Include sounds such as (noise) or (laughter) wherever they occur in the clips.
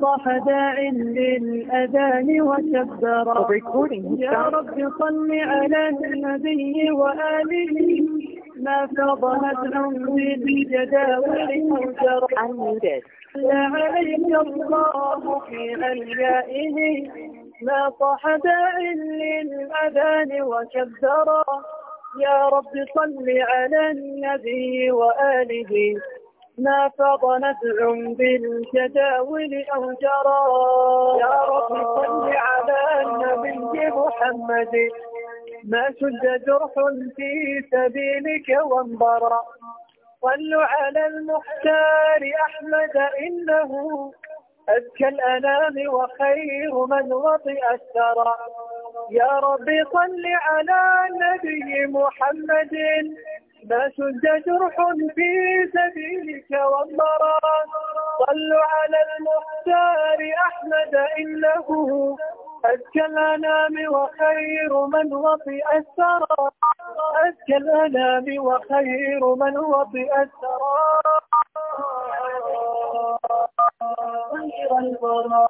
صاح داع للأذان وكبر يا رب صل على النبي وآله ما فضلت عن بالجداول مجر لا عليك الله في عليائه ما صاح داع للأذان وكبر يا رب صل على النبي وآله ما فضنت عم بالجداول أو جرى يا رب صل على النبي محمد ما شد جرح في سبيلك وانبرى صلوا على المختار أحمد إنه أزكى الأنام وخير من وطئ الثرى يا رب صل على النبي محمد ما شد جرح في سبيلك والمرى صلوا على المختار أحمد إنه أزكى الأنام وخير من وطئ الثرى أزكى الأنام وخير من وطئ الثرى خير الورى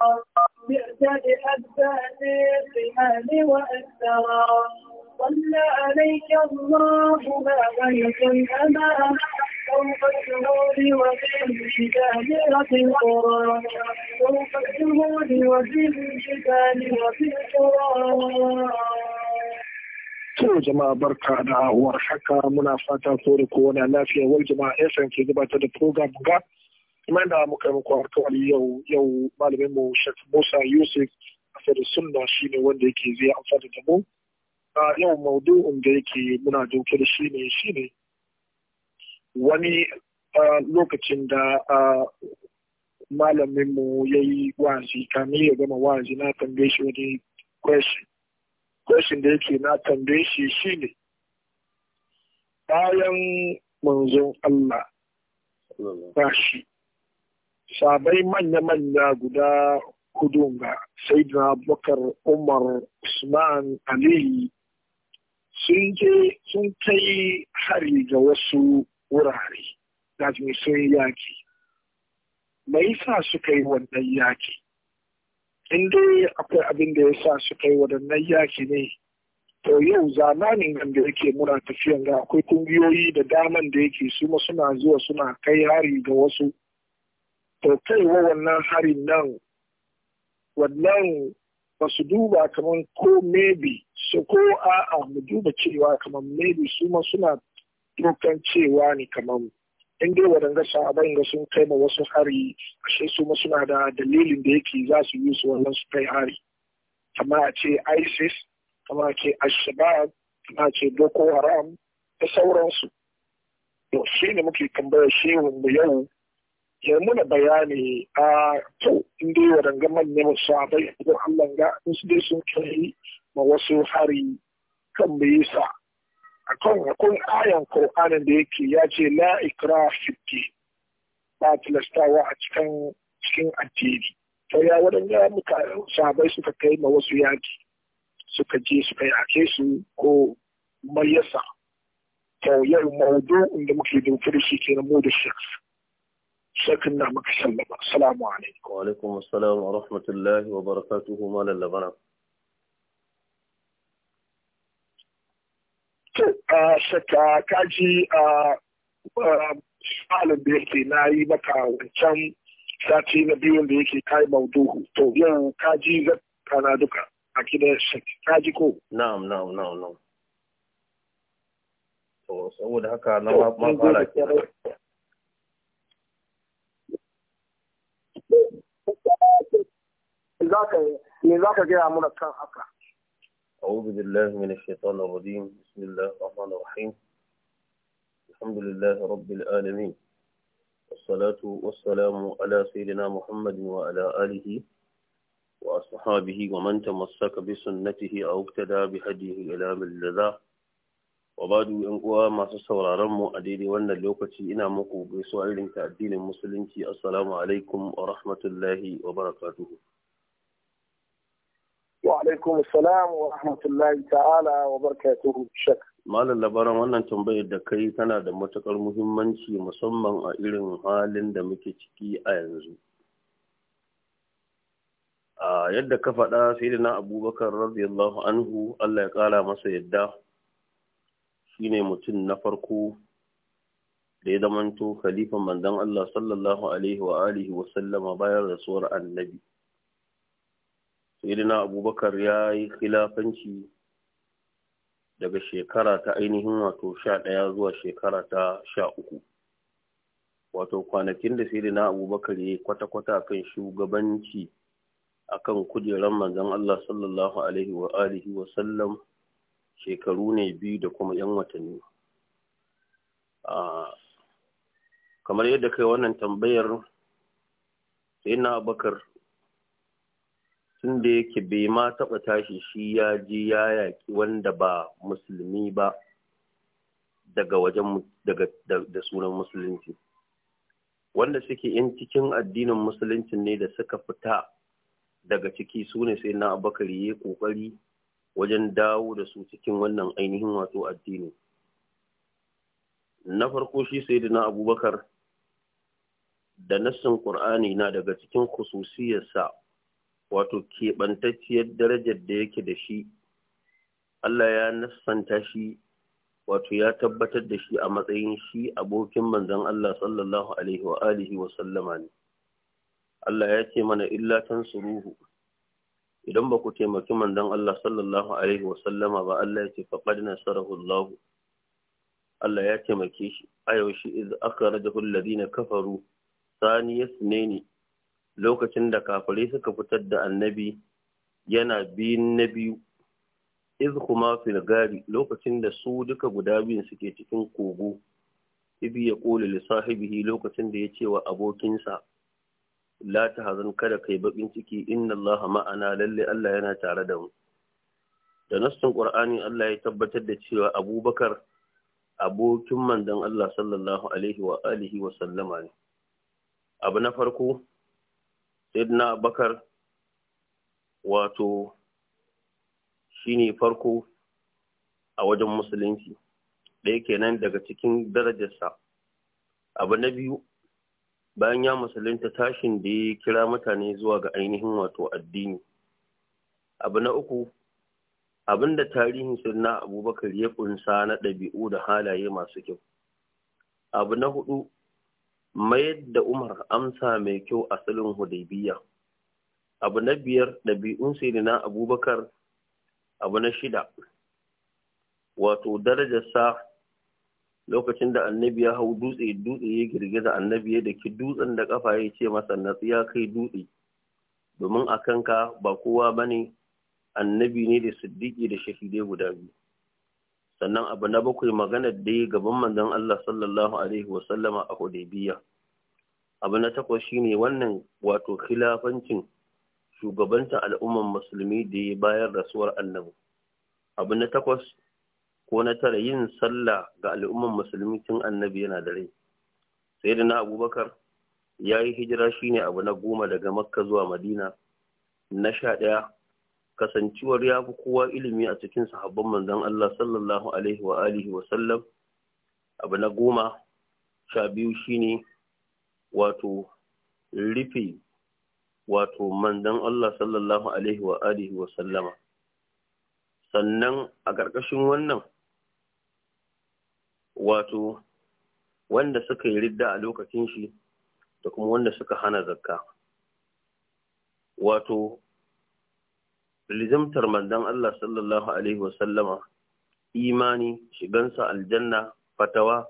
بعتد حبات الرحال وأثرى صلى عليك الله بابية أمام فوق الجهود وفي الجبال وفي القرى فوق الجهود وفي الجبال وفي القرى To jama'a barka da warhaka muna fata kore ko wani lafiya wal jama'a FM ke gabatar da program ga kuma da muka muku alkawari yau yau malamin mu Sheikh Musa Yusuf a sunna shine wanda yake zai amfana da mu a yau maudu'in da yake muna dauke da shi ne shi ne wani lokacin da malaminmu ya yi wa'azi kamar ya gama wa'azi na tambaye shi wani question question da yake na tambaye shi shi ne bayan manzon Allah ba shi sabai manya-manya guda hudu ga sai da bakar Umar Usman Aliyu. sun je sun kai hari ga wasu wurare da sun yaki me yasa suka yi wannan yaki in dai akwai abin da ya sa suka yi waɗannan yaki ne to yau zamanin nan da yake muna tafiyan ga akwai kungiyoyi da daman da yake su ma suna zuwa suna kai hari ga wasu to kaiwa wannan harin nan wannan ba su duba kamar ko maybe so ko a'a mu duba cewa kamar maybe su ma suna dokan cewa ne kamar in dai waɗanda sahaban ga sun kai ma wasu hari ashe su ma suna da dalilin da yake za su yi su wannan su kai hari kamar a ce isis kamar a ce Ashabab, kamar a ce boko haram da sauransu to shi ne muke tambaya shehun mu yau ya muna bayani a to in dai waɗanda mu sahabai ko allah ga in su dai sun kai ma wasu hari kan bayisa sa akan akwai ayan Qur'anin da yake ya ce la ikra ba tilastawa a cikin cikin addini to ya waɗanda muka sabai suka kai ma wasu yaki suka je suka yake su ko mayasa to yau maudu inda muke dauke da shi kenan mu da shekh sakin na muka sallama assalamu alaikum wa alaikum assalam wa rahmatullahi wa barakatuhu malam labana shakka kaji a malin da yake na yi maka wancan sati na biyun da yake kai mauduhu to yau kaji zai na duka a kida kaji ko na'am na'am na'am na'am to saboda haka na ma fara za ka ne za ka gaya mana kan haka أعوذ بالله من الشيطان الرجيم بسم الله الرحمن الرحيم الحمد لله رب العالمين والصلاة والسلام على سيدنا محمد وعلى آله وأصحابه ومن تمسك بسنته أو اقتدى بهديه إلى من لذا وبعد أن قوى ما سسور رمو أديري وأن اللوكتي إنا مقو بسؤال الدين المسلم السلام عليكم ورحمة الله وبركاته Wa alaikum salam wa rahmatullahi ta'ala wa barakatuhu shak. Malam labaran wannan tambayar da kai tana da matukar muhimmanci musamman a irin halin da muke ciki a yanzu. A yadda ka faɗa sai da na abubakar radiyallahu anhu Allah ya ƙara masa yadda shine mutum na farko da ya zamanto khalifan manzon Allah sallallahu alaihi wa alihi wa sallama bayar da annabi. sayyidina abubakar ya yi khilafanci daga shekara ta ainihin wato sha ɗaya zuwa shekara ta sha uku wato kwanakin da saidina abubakar ya yi kwata-kwata kan shugabanci akan kujerar manzon Allah sallallahu alaihi wa alihi wa sallam shekaru ne biyu da kuma 'yan watanni kamar yadda kai wannan tambayar sai na bakar tun da yake bai ma taɓa tashi shi ya je ya yaƙi wanda ba musulmi ba daga wajen daga da sunan musulunci wanda suke yan cikin addinin musulunci ne da suka fita daga ciki sune sai na abakari ya ƙoƙari wajen dawo da su cikin wannan ainihin wato addini na farko shi sai da na abubakar da nassin ƙur'ani na daga cikin khususiyarsa wato keɓantacciyar darajar da yake da shi Allah ya nassanta shi wato ya tabbatar da shi a matsayin shi abokin manzon Allah sallallahu alaihi wa alihi wa sallama ne Allah ya ce mana illa tansuruhu idan ba ku taimaki manzon Allah sallallahu alaihi wa sallama ba Allah ya ce faqad nasarahu Allah Allah ya taimake shi a yaushe iz akhrajahu alladhina kafaru ثاني اثنين lokacin da kafirai suka fitar da annabi yana biyun na biyu iz kuma filgari lokacin da su duka guda biyun suke cikin kogo ibi ya ƙoli lissahibihi lokacin da ya ce wa abokinsa la ta hazan kada kai baƙin ciki inna Allah ma'ana lalle Allah yana tare da mu da nassin ƙur'ani Allah ya tabbatar da cewa abubakar abokin mandan Allah sallallahu alaihi wa alihi wa sallama ne abu na farko sayyidina abubakar wato shi ne farko a wajen musulunci ɗaya kenan daga cikin darajarsa abu na biyu bayan ya musulunta tashin da ya kira mutane zuwa ga ainihin wato addini abu na uku abin da tarihin sunna abubakar ya kunsa na ɗabi'u da halaye masu kyau abu na hudu mayar da umar amsa mai kyau a salin hudaybiya abu na biyar ɗabi'un na abubakar abu na shida wato darajar sa lokacin da annabi ya hau dutse dutse ya girgiza annabi ya daki dutsen da kafa ya ce masa natsi ya kai dutse domin a kanka ba kowa bane annabi ne da siddiƙi da shahidai guda biyu sannan abu na bakwai magana da ya gaban manzon Allah sallallahu alaihi wasallama a Hudaybiya abu na takwas shine wannan wato khilafancin shugabantar al'ummar musulmi da ya bayar rasuwar annabi abu na takwas ko na tara yin sallah ga al'ummar musulmi tun annabi yana da rai sai da na abubakar ya yi hijira shine abu na goma daga makka zuwa madina na sha ɗaya kasancewar ya fi kowa ilimi a cikin sahabban manzon Allah sallallahu alaihi wa alihi wa sallam abu na goma sha biyu shine wato rufe wato manzon Allah sallallahu alaihi wa alihi wa sallama sannan a ƙarƙashin wannan wato wanda suka yi ridda a lokacin shi da kuma wanda suka hana zakka wato lizimtar mandan Allah sallallahu Alaihi wasallama imani shigansa aljanna fatawa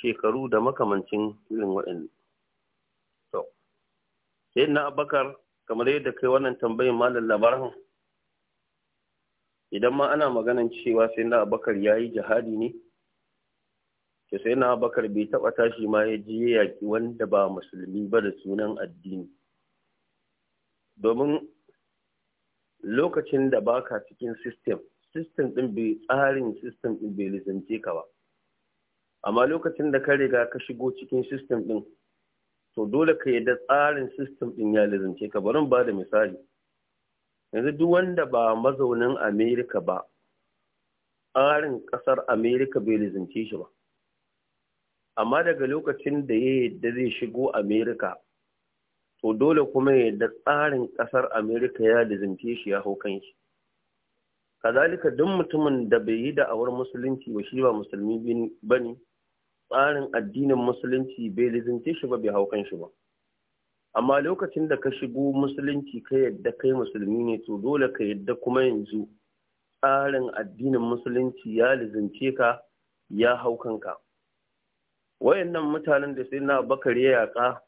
shekaru da makamancin irin waɗanda. To, sai na abakar kamar yadda kai wannan tambayin malam labarin idan ma ana maganan cewa sai na abakar ya yi jihadi ne, ke sai na abakar bai taɓa tashi ma ya ji yaƙi wanda ba musulmi ba da sunan addini. Domin lokacin da baka cikin system system din bai tsarin system din bai lizance ka ba amma lokacin da ka riga ka shigo cikin system din to dole ka yadda tsarin system din ya lizance ka bari ba da misali yanzu duk wanda ba mazaunin america ba tsarin kasar america bai lizance shi ba amma daga lokacin da ya yadda zai shigo america to dole kuma ya da tsarin kasar Amerika ya lizimce shi ya hau kanshi. Kazalika duk mutumin da bai yi da'awar musulunci ba shi ba musulmi ba ne, tsarin addinin musulunci bai lizimce shi ba bai hau kanshi ba. Amma lokacin da ka shigo musulunci ka yadda kai musulmi ne to dole ka yadda kuma yanzu tsarin addinin musulunci ya lizimce ka ya hau kanka. Wayannan mutanen da sai na bakar ya yaƙa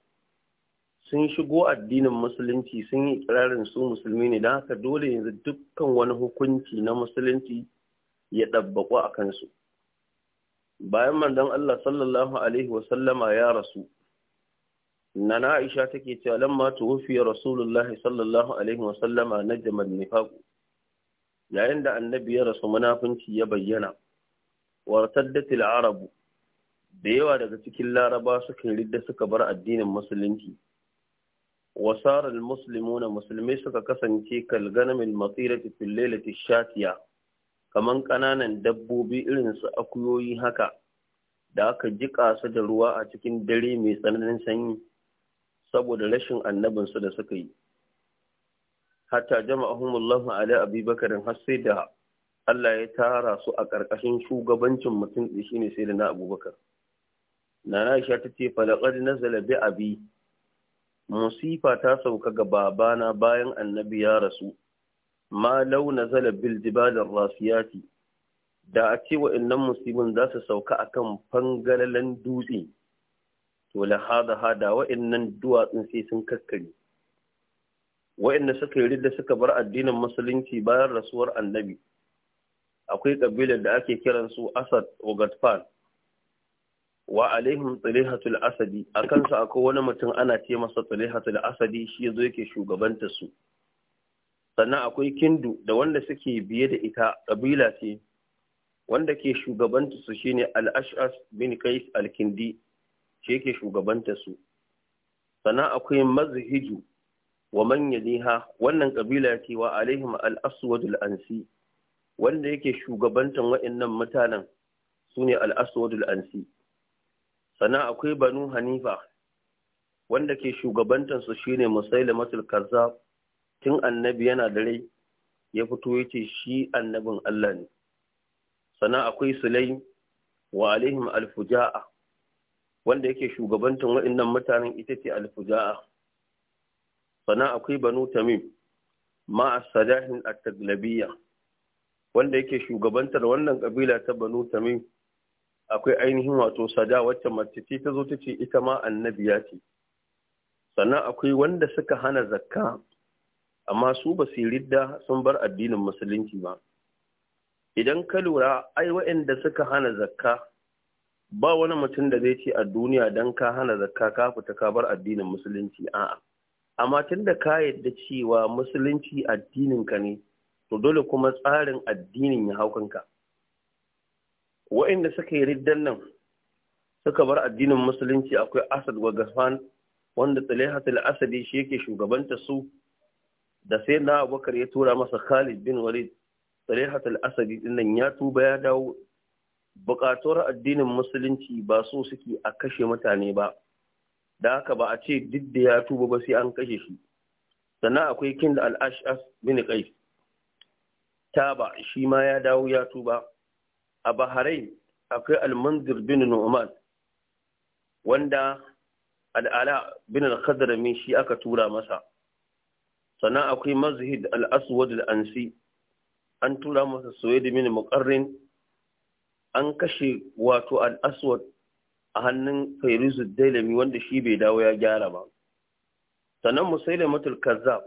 sun shigo addinin musulunci sun yi ikirarin su musulmi ne don haka dole yanzu dukkan wani hukunci na musulunci ya ɗabbaƙo a kansu bayan mandan Allah sallallahu alaihi wasallama ya rasu na Aisha take cewa lamma tuwfiya rasulullahi sallallahu alaihi wasallama na an nifaku yayin da annabi ya rasu munafunci ya bayyana wartaddat al arabu. da yawa daga cikin laraba suka ridda suka bar addinin musulunci وصار المسلمون musulmai suka kasance kalganamin matirati fil lailati shatiya kamar ƙananan dabbobi irin su akuyoyi haka da aka jika su da ruwa a cikin dare mai tsananin sanyi saboda rashin annabinsu da suka yi hatta jama'ahumullahu ala abubakar har sai da Allah ya tara su a ƙarƙashin shugabancin mutum shine sai da na abubakar nana aisha ta ce falaqad na bi abi musifa ta sauka ga babana bayan annabi ya rasu ma launa zala bil jibalin rasiyati da a ce wa'annan musibin za su sauka akan fangalalan dutse to la hada hada wa'annan duwatsun sai sun kakkare wa'anda suka yi ridda suka bar addinin musulunci bayan rasuwar annabi akwai kabilar da ake kiransu asad ogatfan wa alaihim tsalihatul asadi a kansa akwai wani mutum ana ce masa tsalihatul asadi shi yazo yake shugabanta su sannan akwai kindu da wanda suke biye da ita kabila ce wanda ke shugabanta su shine al-ash'as bin qais al-kindi shi yake shugabanta su sannan akwai mazhiju wa man yadiha wannan kabila ce wa alaihim al-aswad ansi wanda yake shugabantan wa'annan mutanen sune al-aswad ansi sannan akwai banu hanifa wanda ke shugabantansu shine musailamatul karza tun annabi yana da rai ya fito ya ce shi annabin Allah ne sannan akwai sulaim wa alaihim alfuja'a wanda yake shugabantan waɗannan mutanen ita ce alfuja'a sannan akwai banu tamim ma'a sadahin a taglabiyya wanda yake shugabantar wannan kabila ta banu tamim akwai ainihin wato sada wacce mace ce ta zo ta ce ita ma annabiya ce sannan akwai wanda suka hana zakka amma su ba su ridda sun bar addinin musulunci ba idan ka lura ai waɗanda suka hana zakka ba wani mutum da zai ce a duniya don ka hana zakka ka fita ka bar addinin musulunci a'a amma tun da ka yadda cewa musulunci addinin ka ne to dole kuma tsarin addinin ya haukanka. wa'inda suka yi riddan nan suka bar addinin musulunci akwai asad wa gafan, wanda tsalihatul asadi shi yake shugabanta su da sai na abubakar ya tura masa khalid bin walid tsalihatul asadi dinnan ya tuba ya dawo bukatuwar addinin musulunci ba so suke a kashe mutane ba da haka ba a ce duk da ya tuba ba sai an kashe shi sannan akwai kin da al'ashas bin qais taba shi ma ya dawo ya tuba a Bahrain akwai Al-Manzir bin Nu'man wanda al'ala bin al-Khadrami shi aka tura masa sannan akwai Mazhid al-Aswad al-Ansi an tura masa Suwaid bin Muqarrin an kashe wato al-Aswad a hannun Fairizu Dailami wanda shi bai dawo ya gyara ba sannan Musailamatul Kazzab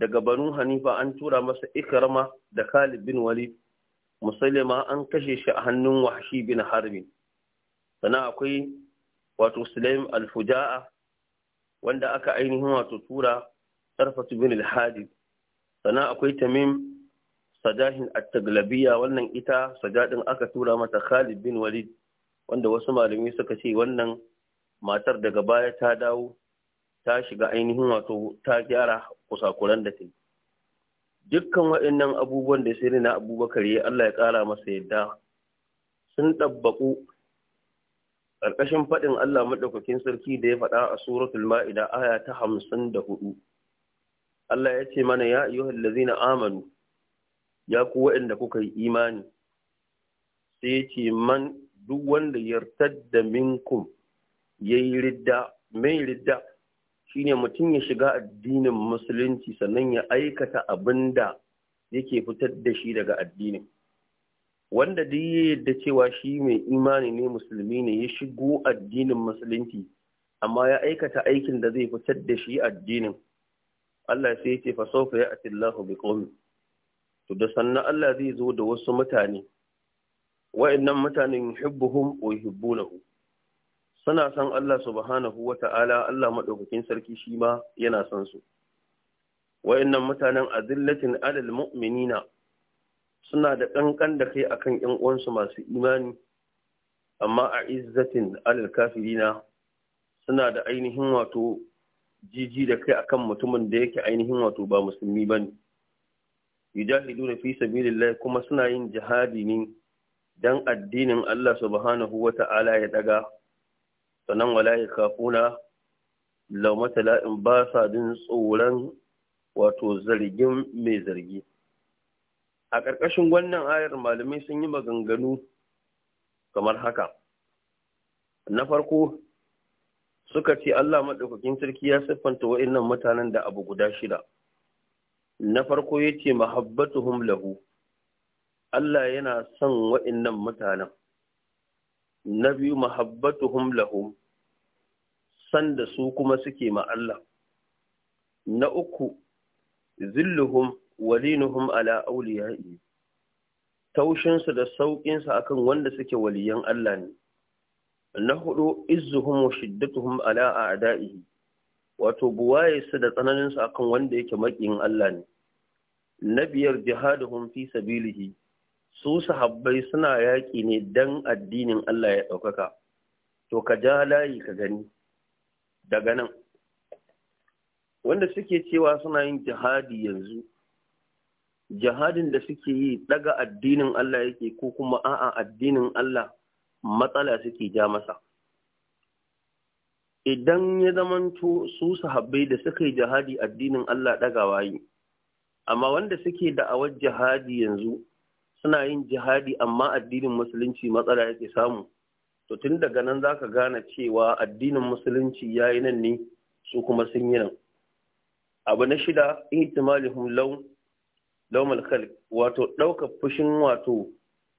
daga Banu Hanifa an tura masa Ikrama da Khalid bin Walid musallima an kashe shi a hannun wahashi bin harbin sana akwai wato sulaim al-fuja'a wanda aka ainihin wato tura sarfatu bin al hadi sana akwai tamim sajahin at-taglabiya wannan ita sajadin aka tura mata khalid bin walid wanda wasu malami suka ce wannan matar daga baya ta dawo ta shiga ainihin wato ta gyara kusakuran da ta dukkan waɗannan abubuwan da sai na abubakar ya Allah ya ƙara masa yadda sun ɗabbaƙu ƙarƙashin faɗin Allah maɗaukakin sarki da ya faɗa a suratul ma'ida aya ta hamsin da hudu Allah ya ce mana ya iya hallazi na amanu ya ku waɗanda kuka yi imani sai ya ce man duk wanda yartadda minkum ya yi ridda mai ridda shine mutum ya shiga addinin musulunci sannan ya aikata abin da yake fitar da shi daga addinin wanda duk ya yadda cewa shi mai imani ne musulmi ne ya shigo addinin musulunci amma ya aikata aikin da zai fitar da shi addinin Allah sai ya ce fa sawfa ya'ti Allahu biqawmin to da sannan Allah zai zo da wasu mutane wa'annan mutanen yuhibbuhum wa yuhibbunahu suna son Allah subhanahu wa ta'ala Allah maɗaukakin sarki shi ma yana son su. Wa'innan mutanen a azillatin alal mu'minina suna da ƙanƙan da kai akan ‘yan uwansu masu imani, amma a izzatin alal kafirina suna da ainihin wato jiji da kai kan mutumin da yake ainihin wato ba musulmi ba ne. Yujahiduna fi sabilillah kuma suna yin jihadi ne don addinin Allah subhanahu wa ta'ala ya ɗaga sannan wala kafuna laumata la'in ba sa jin tsoron wato zargin mai zargi a ƙarƙashin wannan ayar malamai sun yi maganganu kamar haka na farko suka ce Allah maɗaukakin sarki ya siffanta wa'innan mutanen da abu guda shida na farko ya ce mahabbatuhum lahu Allah yana son wa'innan mutanen na biyu mahabbatuhum lahum sanda su kuma suke ma Allah na uku zilluhum walinuhum ala taushin taushinsu da sauƙinsu akan wanda suke waliyan Allah ne na hudu izzuhum wa shiddatuhum ala a'da'ihi wato buwaye su da tsananinsu akan wanda yake makin Allah ne na biyar jihaduhum fi sabilihi su sahabbai suna yaƙi ne don addinin Allah ya ɗaukaka to ka ja layi ka gani daga nan wanda suke cewa suna yin jihadi yanzu jihadin da suke yi daga addinin Allah yake ko kuma a'a addinin Allah matsala suke ja masa idan ya zamanto su sahabbai da suka yi jihadi addinin Allah ɗagawa yi amma wanda suke awar jihadi yanzu suna yin jihadi amma addinin musulunci matsala yake samu to tun daga nan za ka gane cewa addinin musulunci ya yi nan ne su kuma sun yi nan abu na shida ihtimalihum law lawmal khalq wato ɗaukar fushin wato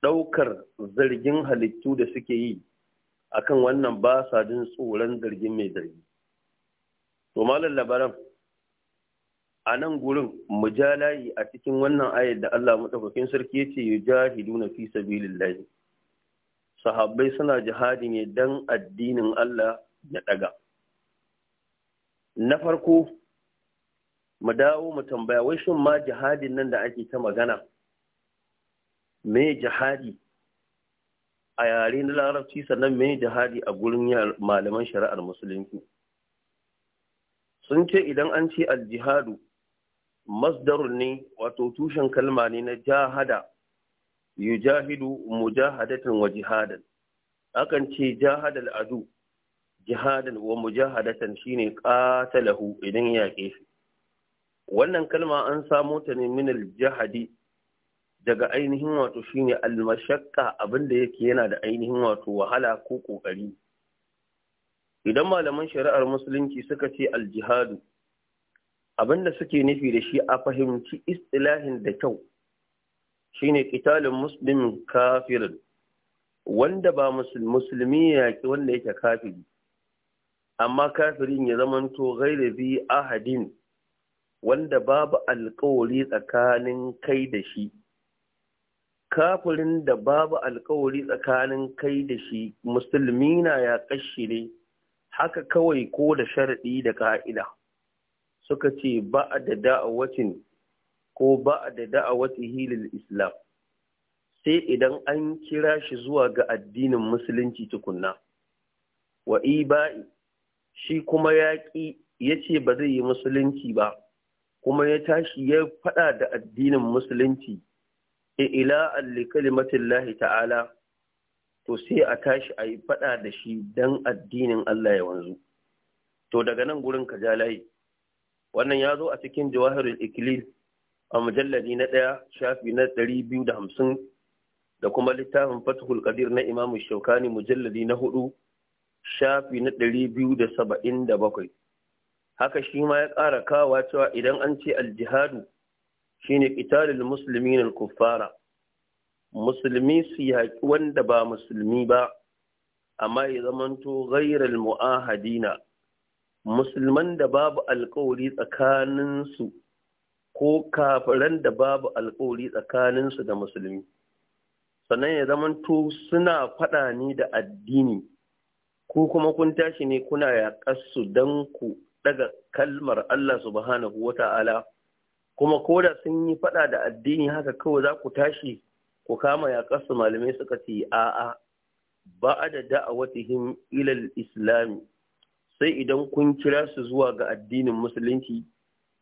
ɗaukar zargin halittu da suke yi akan wannan ba sa jin tsoron zargin mai zargi to malam labaran a nan gurin mujalayi a cikin wannan ayar da Allah madaukakin sarki ya ce yujahiduna fi sabilillahi sahabbai suna jihadi ne dan addinin Allah ya ɗaga. na farko mu dawo mu tambaya wai shin ma jihadin nan da ake ta magana me jihadi a yare na larabci sannan me jihadi a gurin malaman shari'ar musulunci sun ce idan an ce aljihadu masdarun ne wato tushen kalma ne na jahada yujahidu mujahadatan wa jihadan akan ce jahadal adu jihadan wa mujahadatan shine qatalahu idan ya shi wannan kalma an samo ta ne min al-jahadi daga ainihin wato shine al-mashaqqa abinda yake yana da ainihin wato wahala ko kokari idan malaman shari'ar musulunci suka ce al-jihadu abin da suke nufi da shi a fahimci istilahin da kyau shine qitalul muslim kafirin wanda ba musulmi ya ki wanda yake kafiri amma kafirin ya zama zamanto ghairi bi ahadin wanda babu alkawari tsakanin kai da shi kafirin da babu alkawari tsakanin kai da shi musulmi na ya kashi ne haka kawai ko da sharaɗi da ka'ida suka ce ba da da'awacin ko ba da da'awacin hilil islam sai idan an kira shi zuwa ga addinin musulunci tukunna wa iba'i shi kuma yaki ya ce ba zai yi musulunci ba kuma ya tashi ya faɗa da addinin musulunci e ila alli kalimatin lahi ta'ala to sai a tashi a yi faɗa da shi don addinin Allah ya wanzu to daga nan gurin ka ja layi wannan ya zo a cikin jawaharul ikilil a mujalladi na ɗaya shafi na ɗari biyu da hamsin da kuma littafin fatihul kadir na imamu shaukani mujalladi na hudu shafi na ɗari biyu da saba'in da bakwai haka shi ma ya ƙara kawa cewa idan an ce aljihadu shine qitalul muslimin al-kuffara musulmi su yaƙi wanda ba musulmi ba amma ya zamanto gairar mu'ahadina musulman da babu alkawari tsakaninsu ko kafiran da babu alkawari tsakaninsu da musulmi sannan ya zamanto suna faɗa ne da addini ko kuma kun tashi ne kuna yaƙarsu don ku daga kalmar Allah subhanahu wa ta'ala kuma ko da sun yi faɗa da addini haka kawai za ku tashi ku kama yaƙarsu malamai suka ce a'a ba da da'awatihim ilal islami sai idan kun kira su zuwa ga addinin musulunci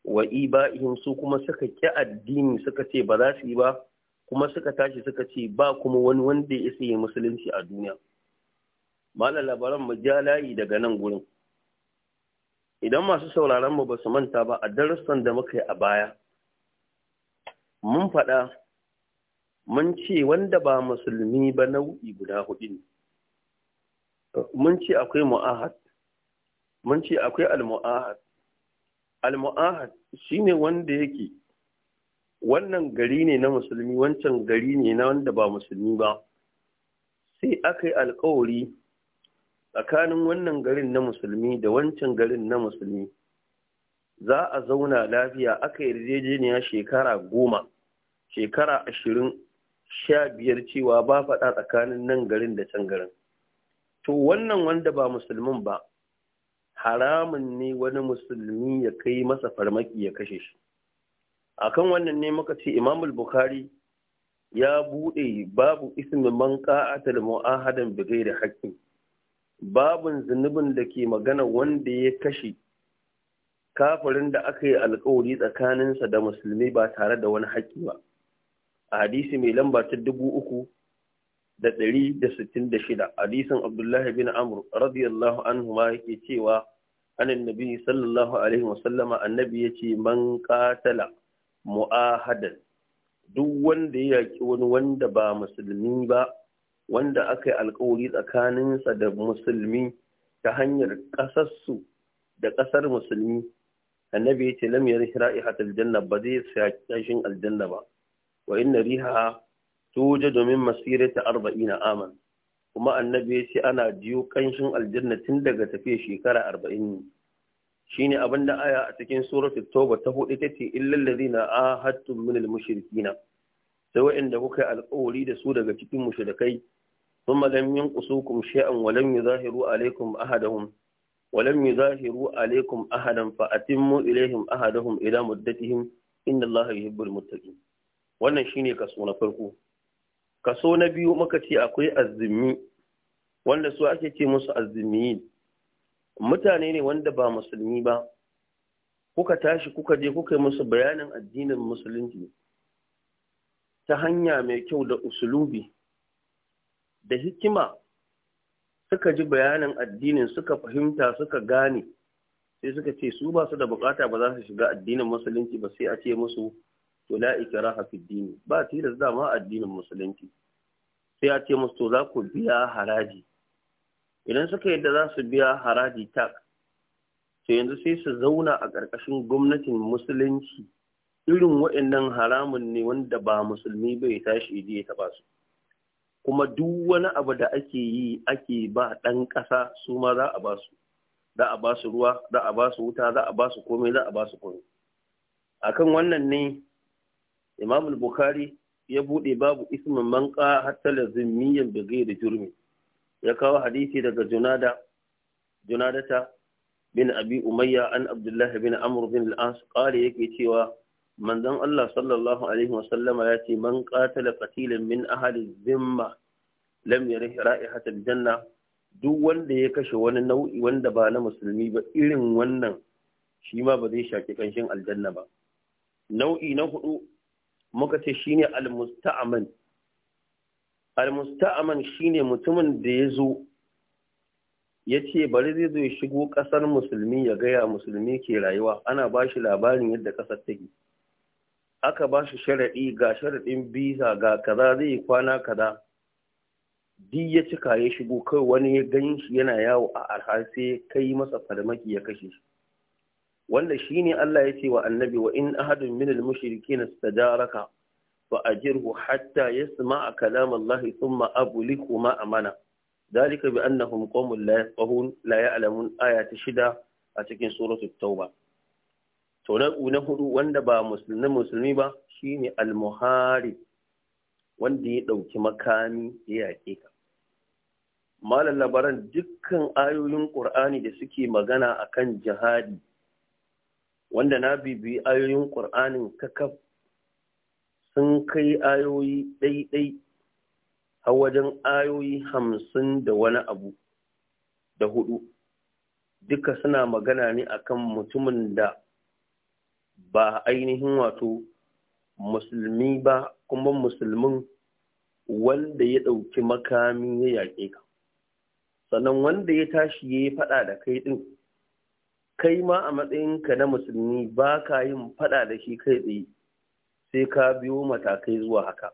wa iba'ihim su kuma suka ƙi addini suka ce ba za su yi ba kuma suka tashi suka ce ba kuma wani wanda ya yi musulunci a duniya mala labaran mu ja layi daga nan gurin idan masu sauraron mu ba su manta ba a darussan da muka yi a baya mun faɗa mun ce wanda ba musulmi ba nau'i guda hudu ne mun ce akwai mu'ahad mun ce akwai almu'ahad almu'ahad shine wanda yake wannan gari ne na musulmi wancan gari ne na wanda ba musulmi ba sai aka yi alkawari tsakanin wannan garin na musulmi da wancan garin na musulmi za a zauna lafiya aka rijejeniya shekara goma shekara ashirin sha biyar cewa ba faɗa tsakanin nan garin da can garin to wannan wanda ba musulmin ba haramun ne wani musulmi ya kai masa farmaki ya kashe shi akan wannan ne muka ce imamul bukhari ya buɗe babu ismin man ƙa'atar mu'ahadan bigai da haƙƙi babun zunubin da ke magana wanda ya kashe kafirin da aka yi alkawari tsakaninsa da musulmi ba tare da wani haƙƙi ba a hadisi mai lamba ta dubu uku da ɗari da sittin da shida hadisin abdullahi bin amur radiyallahu anhu ma yake cewa an annabi sallallahu alaihi wasallama annabi yace man qatala mu'ahadan duk wanda ya yaki wani wanda ba musulmi ba wanda aka yi alkawari tsakaninsa da musulmi ta hanyar ƙasarsu da ƙasar musulmi annabi ya ce lam yari ra'ihat janna, ba zai saki kashin aljanna ba wa inna riha tuja domin masirata arba'ina aman kuma annabi ya ce ana jiyo ƙanshin aljanna tun daga tafiya shekara arba'in ne shine abin da aya a cikin suratul tauba ta hudu ta ce illal ladina ahadtum min al mushrikina sai wa'anda kuka yi alƙawari da su daga cikin mushrikai thumma lam yanqusukum shay'an wa lam yuzahiru alaykum ahadahum wa lam yuzahiru alaykum ahadan fa atimmu ilayhim ahadahum ila muddatihim inna allaha yuhibbul muttaqin wannan shine kaso na farko kaso na biyu muka ce akwai azumi wanda su ake ce musu azumi mutane ne wanda ba musulmi ba kuka tashi kuka je kuka yi musu bayanin addinin musulunci ta hanya mai kyau da usulubi da hikima suka ji bayanin addinin suka fahimta suka gane sai suka ce su ba su da bukata ba za su shiga addinin musulunci ba sai a ce musu to la fi dini ba tilas dama addinin musulunci sai ya ce musu to za ku biya haraji idan suka yadda za su biya haraji tak, to yanzu sai su zauna a ƙarƙashin gwamnatin musulunci irin waɗannan haramun ne wanda ba musulmi bai tashi ya taɓa su kuma duk wani abu da ake yi ake ba ɗan ƙasa su ma za a ba su za a ba su ruwa za a ba su wuta za a ba su komai za a ba su komai akan wannan ne imam al-bukhari ya bude babu ismin man qa hatta lazimiyan bi ghairi jurmi ya kawo hadisi daga junada junadata bin abi umayya an abdullah bin amr bin al-as qali yake cewa manzon Allah sallallahu alaihi sallama ya ce man qatala qatilan min ahli zimma lam yarih ra'ihata al-janna duk wanda ya kashe wani nau'i wanda ba na musulmi ba irin wannan shi ma ba zai shaki kanshin aljanna ba nau'i na hudu muka ce shi al-musta'man al shi ne mutumin da ya zo ya ce bari zai zo ya shigo ƙasar musulmi ya gaya musulmi ke rayuwa ana ba shi labarin yadda ƙasar take aka ba shi sharaɗi ga sharaɗin biza ga kaza zai yi kwana kaza duk ya cika ya shigo kai wani ya gan shi yana yawo a arha sai kai masa farmaki ya kashe shi wanda shine Allah ya ce wa annabi wa in ahadun min al-mushrikin istajaraka fa ajirhu hatta yasma'a kalam Allah thumma ablighu ma amana dalika bi annahum qaumun la yafqahun la ya'lamun aya ta shida a cikin suratul tauba to na na hudu wanda ba musulmi musulmi ba shine al-muharib wanda ya dauki makami ya yaƙe ka malam labaran dukkan ayoyin qur'ani da suke magana akan jihadi wanda na bibiyi ayoyin ƙur'anin kakaf sun kai ayoyi ɗaiɗai a wajen ayoyi hamsin da wani abu da hudu duka suna magana ne akan mutumin da ba ainihin wato musulmi ba kuma musulmin wanda ya ɗauki makami ya yaƙe ka sannan wanda ya tashi ya yi faɗa da kai ɗin kai ma a matsayinka na musulmi ba ka yin faɗa da shi kai tsaye sai ka biyo matakai zuwa haka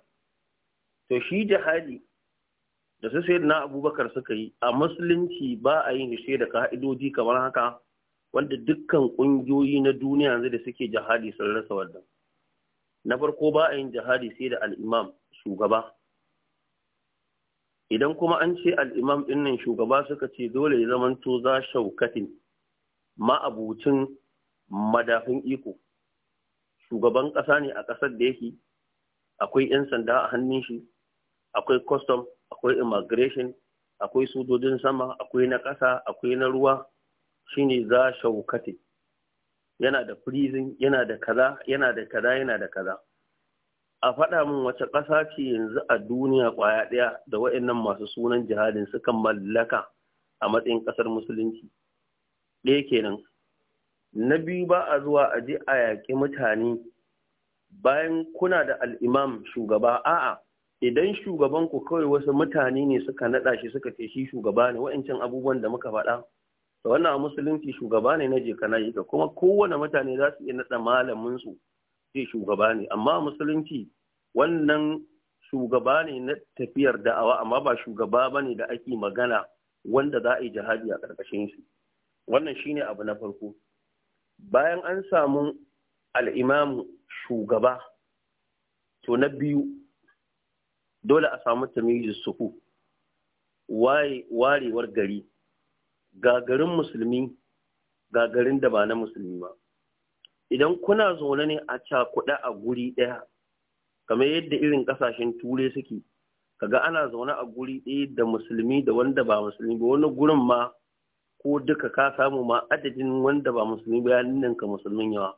to shi jihadi da su sai na abubakar suka yi a musulunci ba a yin shi da ka'idoji kamar haka wanda dukkan ƙungiyoyi na duniya yanzu da suke jihadi sun rasa wannan na farko ba a yin jihadi sai da al'imam shugaba idan kuma an ce al'imam ɗinnan shugaba suka ce dole ya zamanto za shaukatin ma'abucin madafin iko shugaban ƙasa ne a ƙasar da yake akwai 'yan sanda a hannun shi akwai custom akwai immigration akwai sojojin sama akwai na ƙasa akwai na ruwa shine za shaukate yana da freezing yana da kaza yana da kaza yana da kaza a faɗa min wace ƙasa ce yanzu a duniya ƙwaya ɗaya da wa'annan masu sunan jihadin suka mallaka a matsayin ƙasar musulunci ɗaya kenan na biyu ba a zuwa a ji a yaƙi mutane bayan kuna da al'imam shugaba a'a idan shugaban ku kawai wasu mutane ne suka naɗa shi suka ce shi shugaba ne wa'ancan abubuwan da muka faɗa da wannan musulunci shugaba ne na ka na jika kuma kowane mutane za su iya naɗa malamin su ce shugaba ne amma musulunci wannan shugaba ne na tafiyar da'awa amma ba shugaba ba ne da ake magana wanda za a yi jihadi a ƙarƙashin shi wannan shine abu na farko bayan an samu al'imamu shugaba to na biyu dole a samu tamizin suku warewar gari gagarin musulmi gagarin da ba na musulmi ba idan kuna zaune ne a cakuɗa a guri ɗaya kamar yadda irin ƙasashen turai suke kaga ana zaune a guri ɗaya da musulmi da wanda ba musulmi ba wani gurin ma ko duka ka samu ma adadin wanda ba musulmi ba nan ka musulmin yawa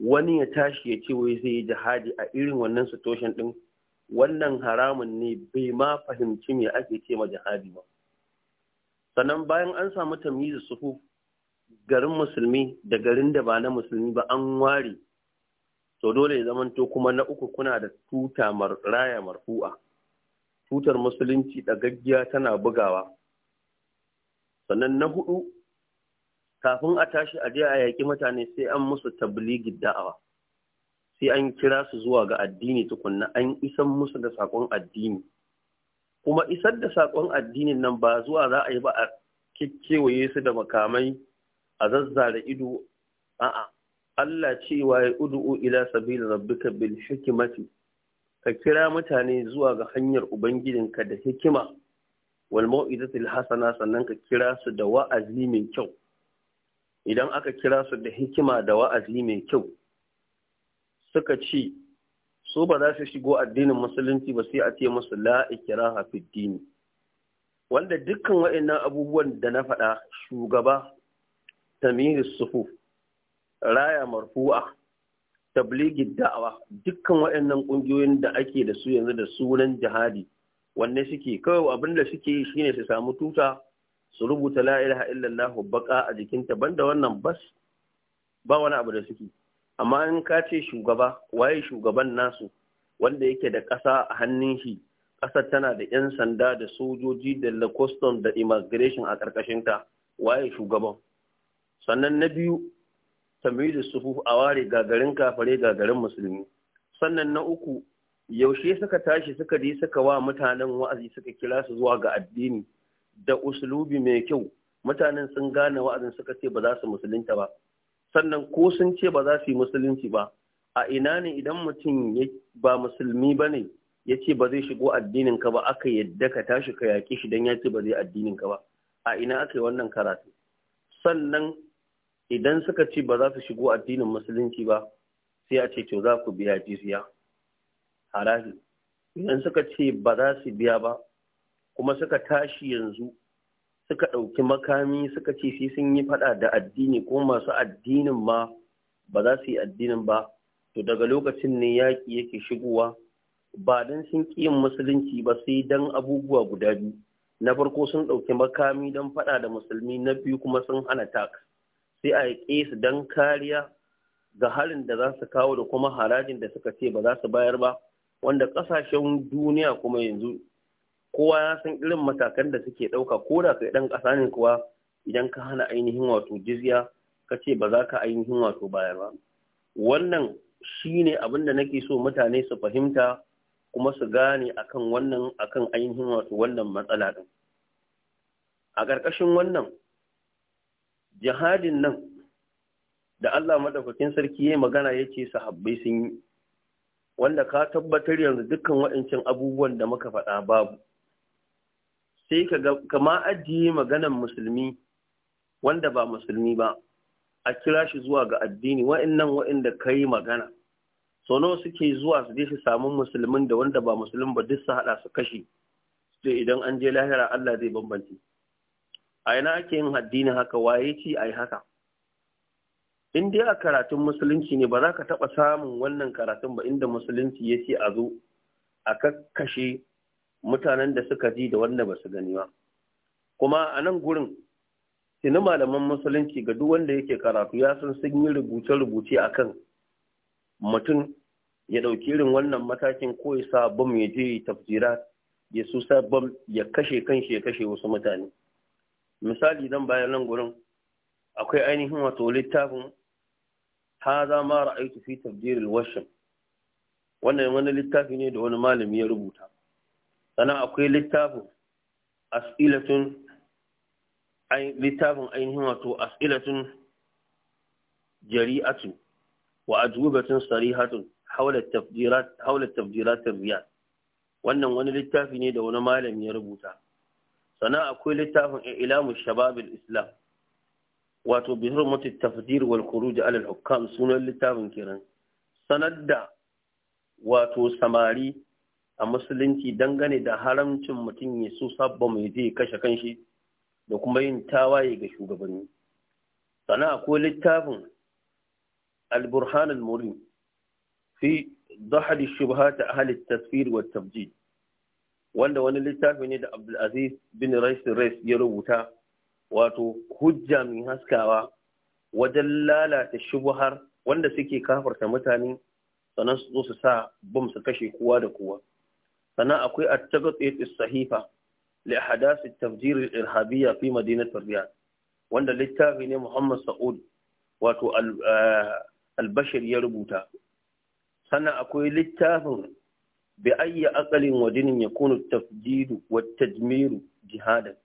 wani ya tashi ya ce wai zai yi jihadi a irin wannan situation din wannan haramun ne bai ma fahimci me ake ce ma jihadi ba sannan bayan an samu tamyiz sufu garin musulmi da garin da ba na musulmi ba an ware to dole ya zamanto kuma na uku kuna da tuta raya marfu'a tutar musulunci gaggiya tana bugawa sannan na hudu kafin a tashi a je a yaƙi mutane sai an musu tabligi da'awa sai an kira su zuwa ga addini tukunna an isan musu da sakon addini kuma isar da sakon addinin nan ba zuwa za a yi ba a kewaye su da makamai a zazzara ido a'a Allah cewa ya udu'u ila sabili rabbika bil hikimati ka kira mutane zuwa ga hanyar ubangijinka da hikima wal mau'izatil hasana sannan ka kira su da wa'azi mai kyau idan aka kira su da hikima da wa'azi mai kyau suka ci su ba za su shigo addinin musulunci ba sai a ce musu la ikraha fid dini wanda dukkan waɗannan abubuwan da na faɗa shugaba tamiris sufu raya marfu'a tabligi da'awa dukkan waɗannan ƙungiyoyin da ake da su yanzu da sunan jihadi wanne suke kawai abin da suke yi shine su samu tuta su rubuta la ilaha illallah baka a jikinta banda wannan bas ba wani abu da suke amma in ka ce shugaba waye shugaban nasu wanda yake da ƙasa a hannun shi ƙasar tana da 'yan sanda da sojoji da custom da immigration a ƙarƙashinta waye shugaban sannan na biyu tambayi da sufu a ware gagarin kafare gagarin musulmi sannan na uku yaushe suka tashi suka je suka wa mutanen wa'azi suka kira su zuwa ga addini da usulubi mai kyau mutanen sun gane wa'azin suka ce ba za su musulunta ba sannan ko sun ce ba za su yi musulunci ba a ina ne idan mutum ba musulmi ba ne ya ce ba zai shigo addinin ka ba aka yadda ka tashi ka yaƙi shi don ya ce ba zai addinin ka ba a ina aka yi wannan karatu sannan idan suka ce ba za su shigo addinin musulunci ba sai a ce to za ku biya jiziya. haraji idan suka ce ba za su biya ba kuma suka tashi yanzu suka ɗauki makami suka ce sai sun yi faɗa da addini ko masu addinin ma ba za su yi addinin ba to daga lokacin ne yaƙi yake shigowa ba don sun ƙiyin musulunci ba sai don abubuwa guda biyu na farko sun ɗauki makami don faɗa da musulmi na biyu kuma sun hana tax sai a yi su don kariya ga harin da za su kawo da kuma harajin da suka ce ba za su bayar ba wanda ƙasashen duniya kuma yanzu kowa ya san irin matakan da suke ɗauka ko da kai ɗan ƙasa ne kuwa idan ka hana ainihin wato jizya ka ce ba za ka ainihin wato bayar ba wannan shine abin da nake so mutane su fahimta kuma su gane akan wannan akan ainihin wato wannan matsala ɗin a ƙarƙashin wannan jihadin nan da Allah madaukakin sarki ya magana ya ce sahabbai sun yi wanda ka tabbatar yanzu dukkan waɗancan abubuwan da muka faɗa babu sai ka ma ajiye maganan musulmi wanda ba musulmi ba a kira shi zuwa ga addini wa'annan wa'inda ka yi magana sono nawa suke zuwa su je su samu musulmin da wanda ba musulmin ba duk su haɗa su kashe sai idan an je lahira Allah zai bambanci. a ina ake yin haddini haka waye ci a yi haka in dai a karatun musulunci ne ba za ka taɓa samun wannan karatun ba inda musulunci ya ce a zo a kakkashe mutanen da suka ji da wanda ba su gani ba kuma a nan gurin tuni malaman musulunci ga duk wanda yake karatu ya san sun yi rubuce-rubuce akan mutum ya ɗauki irin wannan matakin ko ya sa bam ya je tafsira ya su sa bam ya kashe kanshi ya kashe wasu mutane misali zan bayan nan gurin akwai ainihin wato littafin hadha ma ra'aytu fi tabdir al-washm wannan wani littafi ne da wani malami ya rubuta sannan akwai littafin as'ilatun littafin ainihin wato as'ilatun jari'atu wa ajwibatun sarihatun hawla tafdirat hawla tafdirat riyad wannan wani littafi ne da wani malami ya rubuta sannan akwai littafin ilamu shababil islam wato bi hurmati tafdir wal khuruj ala al hukam sunan littafin kiran sanar da wato samari a musulunci dangane da haramcin mutum ya so sabba mai zai kashe kanshi da kuma yin tawaye ga shugabanni sana ko littafin al-burhan al-murin fi dahadi shubhat ahli at-tasfir wa at wanda wani littafi ne da Abdul bin Rais Rais ya rubuta wato hujja mai haskawa wajen lalata shubuhar wanda suke kafarta mutane sannan su zo su sa bom su kashe kowa da kowa sannan akwai a tagatsayar sahifa li hadasi tafjir irhabiyya fi madinatar riyadh wanda littafi ne muhammad sa'ud wato eh, albashir ya rubuta sannan akwai littafin bi ayyi aqalin wadinin yakunu tafjidu wa tajmiru jihadan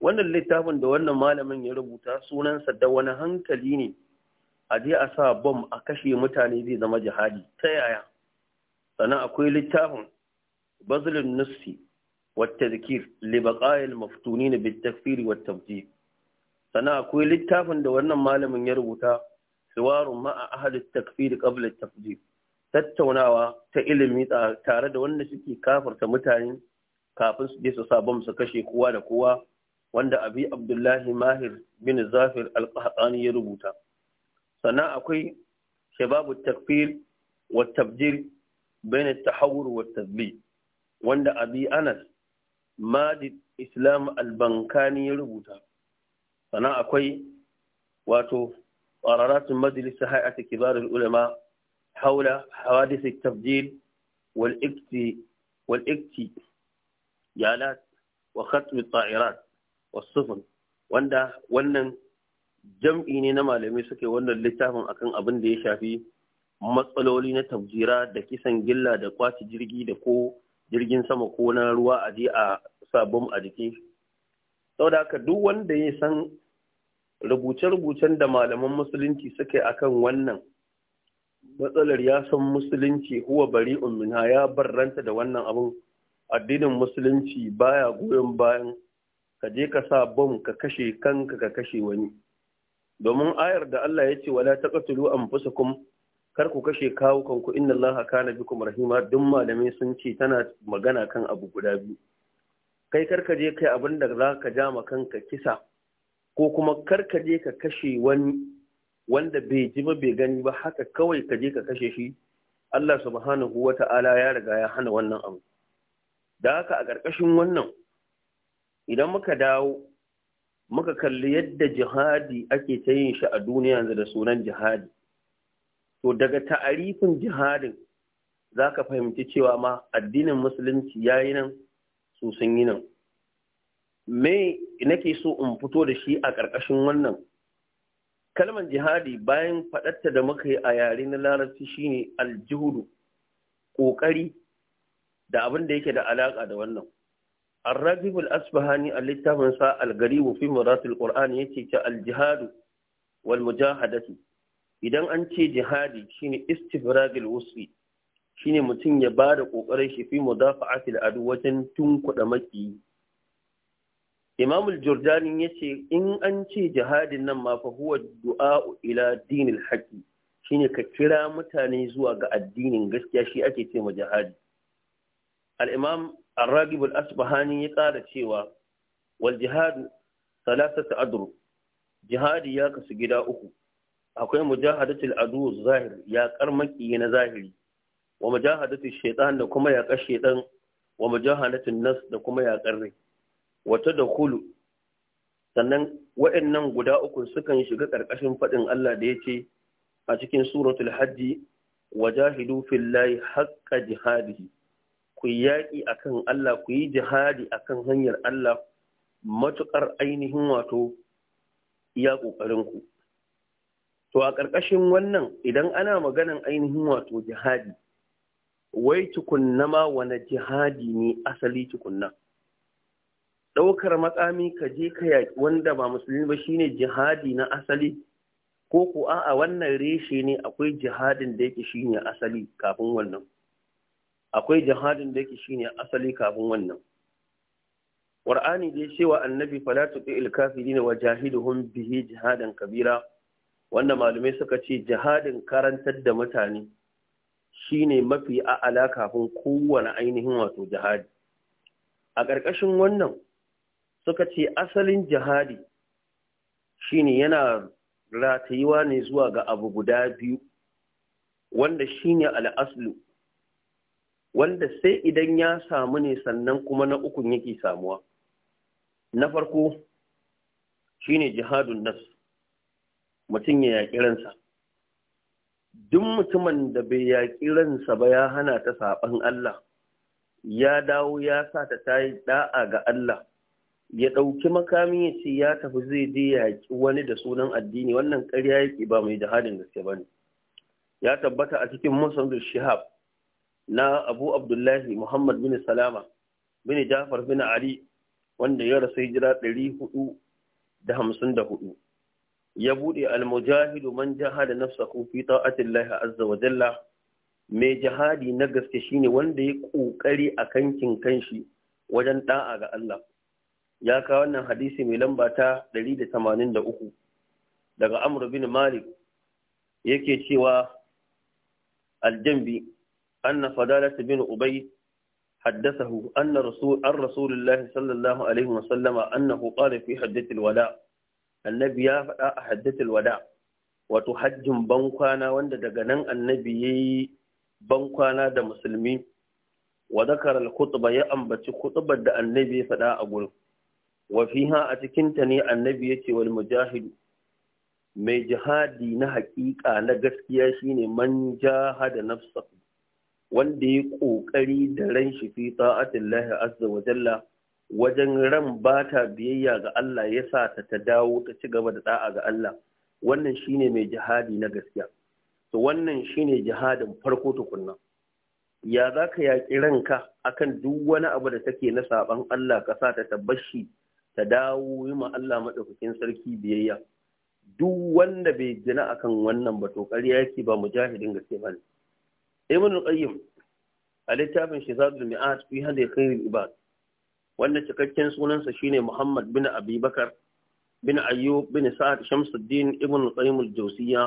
wannan littafin da wannan malamin ya rubuta sunansa da wani hankali ne a je a sa bom a kashe mutane zai zama jihadi ta yaya sannan akwai littafin bazilin nussi والتذكير na bittafiri wata والتفجير sannan akwai littafin da wannan malamin ya rubuta siwarun a ahad takfiri, kabla tafjir tattaunawa ta ilimi tare da wanda suke kafarta mutane kafin su je su sa bom su kashe kowa da kowa wanda abi abdullahi mahir bin zafir alƙahaƙani ya rubuta sannan akwai shababu takfir wa tabjir bayan tahawur wa at-tadbi wanda abi anas madid islam albankani ya rubuta sannan akwai wato qararat majlis hay'ati kibar ulama haula hawadith at-tabdil wal ikti wal ikti yalat wa khatm at wasufun wanda wannan jam'i ne na malamai suke wannan littafin akan abin da ya shafi matsaloli na tabjira da kisan gilla da kwaci jirgi da ko jirgin sama ko na ruwa a je a sabon a jiki saboda haka duk wanda ya san rubuce-rubucen da malaman musulunci suke akan wannan matsalar ya san musulunci huwa bari'un minha ya barranta da wannan abin addinin musulunci baya goyon bayan ka je ka sa bom ka kashe kanka ka kashe wani domin ayar da Allah ya ce wala taqtulu anfusakum kar ku kashe kanku inna allaha kana bikum rahima duk malamai sun ce tana magana kan abu guda biyu kai kar ka je kai abin da za ka ja ma kanka kisa ko kuma kar ka je ka kashe wani wanda bai ji ba bai gani ba haka kawai ka je ka kashe shi Allah subhanahu wata'ala ya riga ya hana wannan abu da haka a ƙarƙashin wannan idan muka dawo muka kalli yadda jihadi ake ta yin shi a duniya yanzu da sunan jihadi to daga ta'arifin jihadin za ka fahimci cewa ma addinin musulunci ya yi nan su sun yi nan me nake so in fito da shi a ƙarƙashin wannan kalmar jihadi bayan faɗatta da muka yi a yare na larabci shine aljihudu ƙoƙari da abin da yake da alaƙa da wannan الرجب الأسبهاني اللي ساء القريب في مرات القرآن يتيجى الجهاد والمجاهدة idan an ce jihadi shine istifragil wusfi shine mutum ya ba da ƙoƙarin shi fi mudafa'atil adu wajen tunkuɗa maki Imam al-Jordani yace in an ce Jihadi nan ma fa huwa du'a ila dinil haqi shine ka kira mutane zuwa ga addinin gaskiya shi ake ce ma jihadi al-imam ar asbahani ya tsara cewa wal jihad salasatu adru jihadi ya kasu gida uku akwai mujahadatul adu zahiri ya karmaki na zahiri wa mujahadatul shaitan da kuma yaƙar shaitan wa mujahadatul nas da kuma yaƙar rai wata da kulu sannan waɗannan guda uku sukan shiga ƙarƙashin faɗin Allah da ya ce a cikin suratul hajji wajahidu fillahi haqqa jihadihi ku yi yaƙi akan Allah ku yi jihadi a kan hanyar Allah matuƙar ainihin wato iya ƙoƙarinku. To a ƙarƙashin wannan idan ana maganan ainihin wato jihadi, wai tukunna ma wani jihadi ne asali tukunna. Ɗaukar makami ka je ka yaƙi wanda ba musulmi ba shine jihadi na asali, ko ko a wannan reshe ne akwai jihadin da yake ne asali kafin wannan. akwai jihadin da yake shine asali kafin wannan Qur'ani da ya ce wa annabi fala al kafirin wa jahiduhum bihi jihadin kabira wanda malamai suka ce jihadin karantar da mutane shine mafi a'ala kafin kowane ainihin wato jihadi a ƙarƙashin wannan suka ce asalin jihadi shine yana ratayuwa ne zuwa ga abu guda biyu wanda shine al aslu wanda sai idan ya samu ne sannan kuma na ukun yake samuwa na farko shine jihadun nas mutum ya yaƙi ransa duk mutumin da bai yaƙi ransa ba ya hana ta saɓan Allah ya dawo ya sa ta ta yi ɗa'a ga Allah ya ɗauki makami ya ce ya tafi zai je yaƙi wani da sunan addini wannan ƙarya yake ba mai jihadin gaske ba ne ya tabbata a cikin musulun shihab na abu abdullahi muhammad bin salama bin jafar bin ali wanda ya rasu hijira ɗari hudu da hamsin da hudu ya buɗe almujahidu man jahada nafsahu fi ta'atillahi azza wa jalla mai jihadi na gaske shine wanda ya ƙoƙari a kankin kanshi wajen ɗa'a ga Allah ya kawo wannan hadisi mai lamba ta 183 daga Amr bin Malik yake cewa aljambi أن فضالة بن أبي حدثه أن رسول عن رسول الله صلى الله عليه وسلم أنه قال في حدة الوداع النبي يا حدة الوداع وتحج بنقانا وند دغنن النبي بنقانا ده مسلمي وذكر الخطبة يا أنبت خطبة ده النبي فدا أقول وفيها أتكنتني النبي والمجاهد mai jihadi na hakika na gaskiya shine man jahada nafsahu wanda ya ƙoƙari da ran shi fi ta'atillahi azza wa jalla wajen ran ba ta biyayya ga Allah ya sa ta ta dawo ta ci gaba da da'a ga Allah wannan shine mai jihadi na gaskiya to wannan shine jihadin farko tukunna ya za ka yaƙi ranka akan duk wani abu da take na saban Allah ka sa ta tabbashi ta dawo yi ma Allah maɗaukakin sarki biyayya duk wanda bai jina akan wannan ba to ƙarya yake ba mujahidin gaske ba ne ibn al-qayyim a littafin shizadul mi'at fi hadi khairul ibad wanda cikakken sunansa shine muhammad bin Abibakar bin ayyub bin sa'ad shamsuddin ibn al-qayyim al-jawziya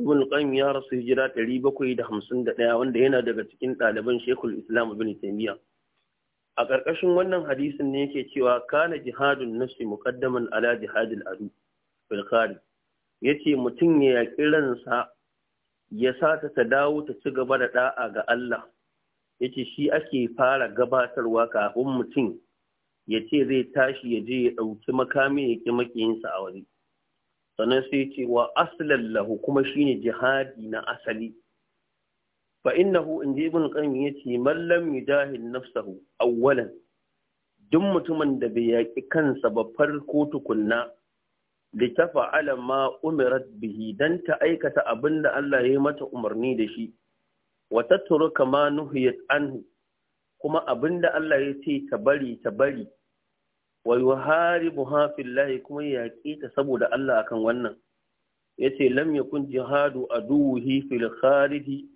ibn al-qayyim ya rasu hijira 751 wanda yana daga cikin ɗaliban shekul islam ibn taymiya a ƙarƙashin wannan hadisin ne yake cewa kana jihadun nafsi muqaddaman ala jihadil adu bil yace mutum ya yaƙi ransa ya sa ta dawo ta ci gaba da da'a ga Allah yace shi ake fara gabatarwa kafin mutum ya ce zai tashi ya je ya ɗauki makami ya ƙi makiyinsa a waje sannan sai ce wa aslan lahu kuma shine jihadi na asali fa innahu in ji ibn qayyim yace man lam yujahid nafsahu awwalan duk mutumin da bai yaƙi kansa ba farko tukunna litafa'ala ma umirat bihi dan ta aikata abin da Allah ya yi mata umarni da shi wa tatruka ma nuhiyat anhu kuma abin da Allah ya ce ta bari ta bari wa yuharibuha lahi kuma ya yaƙi ta saboda Allah akan wannan yace lam yakun jihadu aduhi fil khariji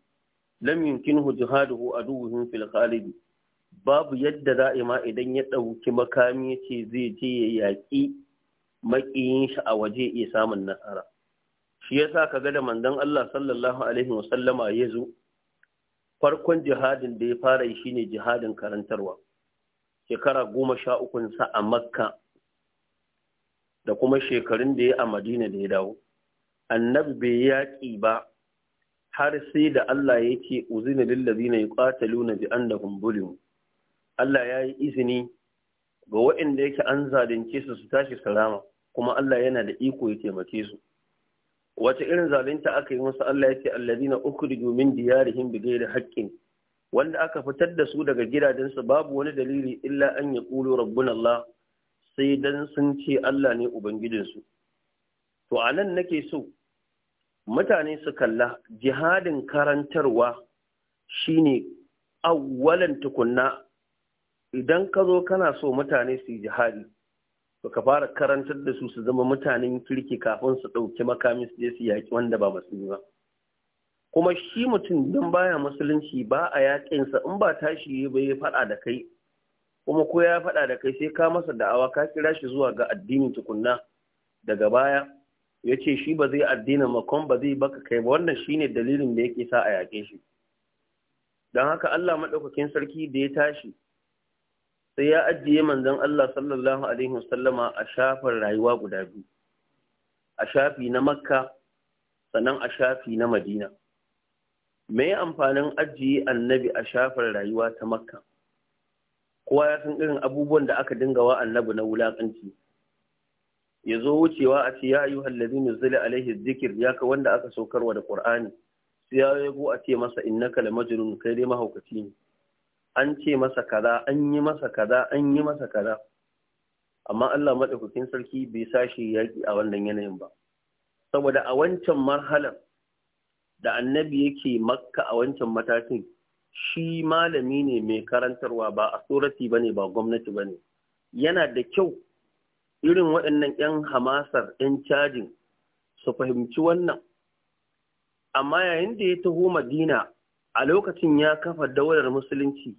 lam yumkinhu jihaduhu aduhin fil khariji babu yadda za'i ma idan ya ɗauki makami yace zai je ya yaƙi maƙiyin shi a waje iya samun nasara shi yasa ga da manzon Allah sallallahu alaihi wasallama ya zo farkon jihadin da ya fara yi ne jihadin karantarwa shekara goma sha ukunsa a makka da kuma shekarun da ya a madina da ya dawo annabi bai yaƙi ba har sai da Allah ya ce uzina lillazina yuqataluna bi annahum bulimu Allah ya yi izini ga waɗanda yake an zalunce su su tashi salama kuma Allah yana da iko ya taimake su wace irin zalunta aka yi musu Allah ya ce alladina ukhriju min diyarihim bighairi haqqin wanda aka fitar da su daga gidajensu babu wani dalili illa an yaqulu rabbuna Allah sai dan sun ce Allah ne ubangijinsu to anan nake so mutane su kalla jihadin karantarwa shine awwalan tukunna idan ka zo kana so mutane su yi jihadi to ka fara karantar da su su zama mutanen kirki kafin su ɗauki makami su je su yaƙi wanda ba musulmi ba kuma shi mutum don baya musulunci ba a yaƙinsa in ba tashi ba ya faɗa da kai kuma ko ya faɗa da kai sai ka masa da'awa ka kira shi zuwa ga addinin tukunna daga baya ya ce shi ba zai addinin makon ba zai baka kai ba wannan shine dalilin da yake sa a yaƙe shi don haka Allah maɗaukakin sarki da ya tashi sai ya ajiye manzon Allah sallallahu alaihi wasallama a shafin rayuwa guda biyu a shafi na makka sannan a shafi na madina me amfanin ajiye annabi a shafin rayuwa ta makka kowa ya san irin abubuwan da aka dinga wa annabi na wulakanci ya zo wucewa a ce ya ayu hallazi nuzila alaihi zikir ya ka wanda aka saukarwa da qur'ani sai ya yago a ce masa innaka lamajnun kai dai mahaukaci ne an ce masa kaza an yi masa kaza an yi masa kaza amma Allah madaukakin sarki bai sashi yaki a wannan yanayin ba saboda a wancan marhalar da annabi yake makka a wancan matakin shi malami ne mai karantarwa ba a surati ba ba gwamnati ba ne yana da kyau irin waɗannan 'yan hamasar 'yan cajin su fahimci wannan amma yayin da ya taho madina a lokacin ya kafa daular musulunci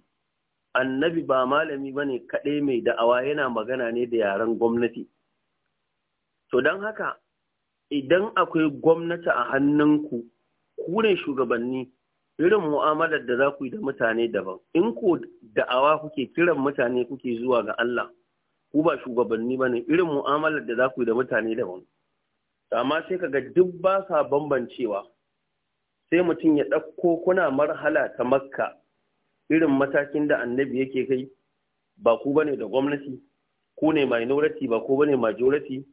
annabi ba malami bane kaɗai mai da'awa yana magana ne da yaren gwamnati to don haka idan akwai gwamnati a hannunku ku ne shugabanni irin mu'amalar da za ku yi da mutane daban in ku da'awa kuke kiran mutane kuke zuwa ga Allah ku ba shugabanni bane irin mu'amalar da za ku yi da mutane daban amma sai kaga duk ba sa bambancewa sai mutum ya ɗauko kuna marhala ta makka irin matakin da annabi yake kai ba ku bane da gwamnati ku ne minority ba ku bane majority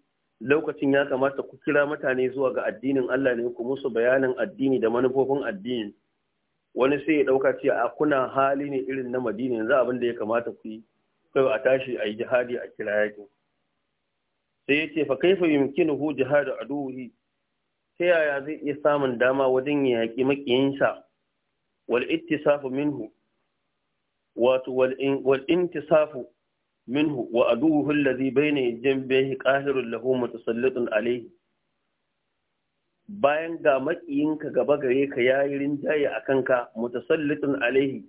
lokacin ya kamata ku kira mutane zuwa ga addinin Allah ne ku musu bayanin addini da manufofin addini wani sai ya dauka ce a kuna hali ne irin na Madina yanzu abin da ya kamata ku yi kai a tashi a jihadi a kira yaki sai ya ce fa kaifa yumkinuhu jihadu aduhi ta yaya zai iya samun dama wajen yaki yaƙi maƙiyinsa wal ittisafu minhu wato wal intisafu minhu wa aduhu allazi bayna jambihi qahirun lahu mutasallatun alayhi bayan ga makiyinka gaba gare ka yayi rinjaye akan ka mutasallatun alayhi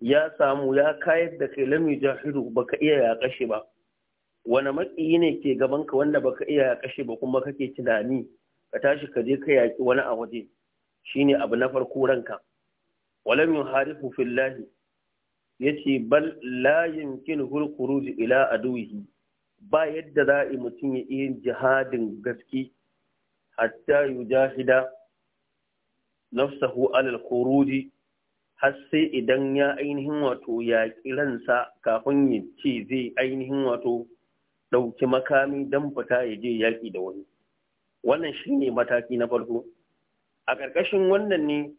ya samu ya kayar da kai lam yujahidu baka iya ya kashe ba wani makiyi ne ke gaban ka wanda baka iya ya kashe ba kuma kake tunani ka tashi ka je ka yaki wani a waje shine abu na farko ranka walam yuharifu fillahi yace bal la yumkin hul khuruj ila aduwihi ba yadda za a mutum ya iya jihadin gaske hatta yujahida nafsahu alal khuruj har sai idan ya ainihin wato ya kiransa kafin ya ce zai ainihin wato ɗauki makami dan fita ya je yaƙi da wani wannan shine mataki na farko a ƙarƙashin wannan ne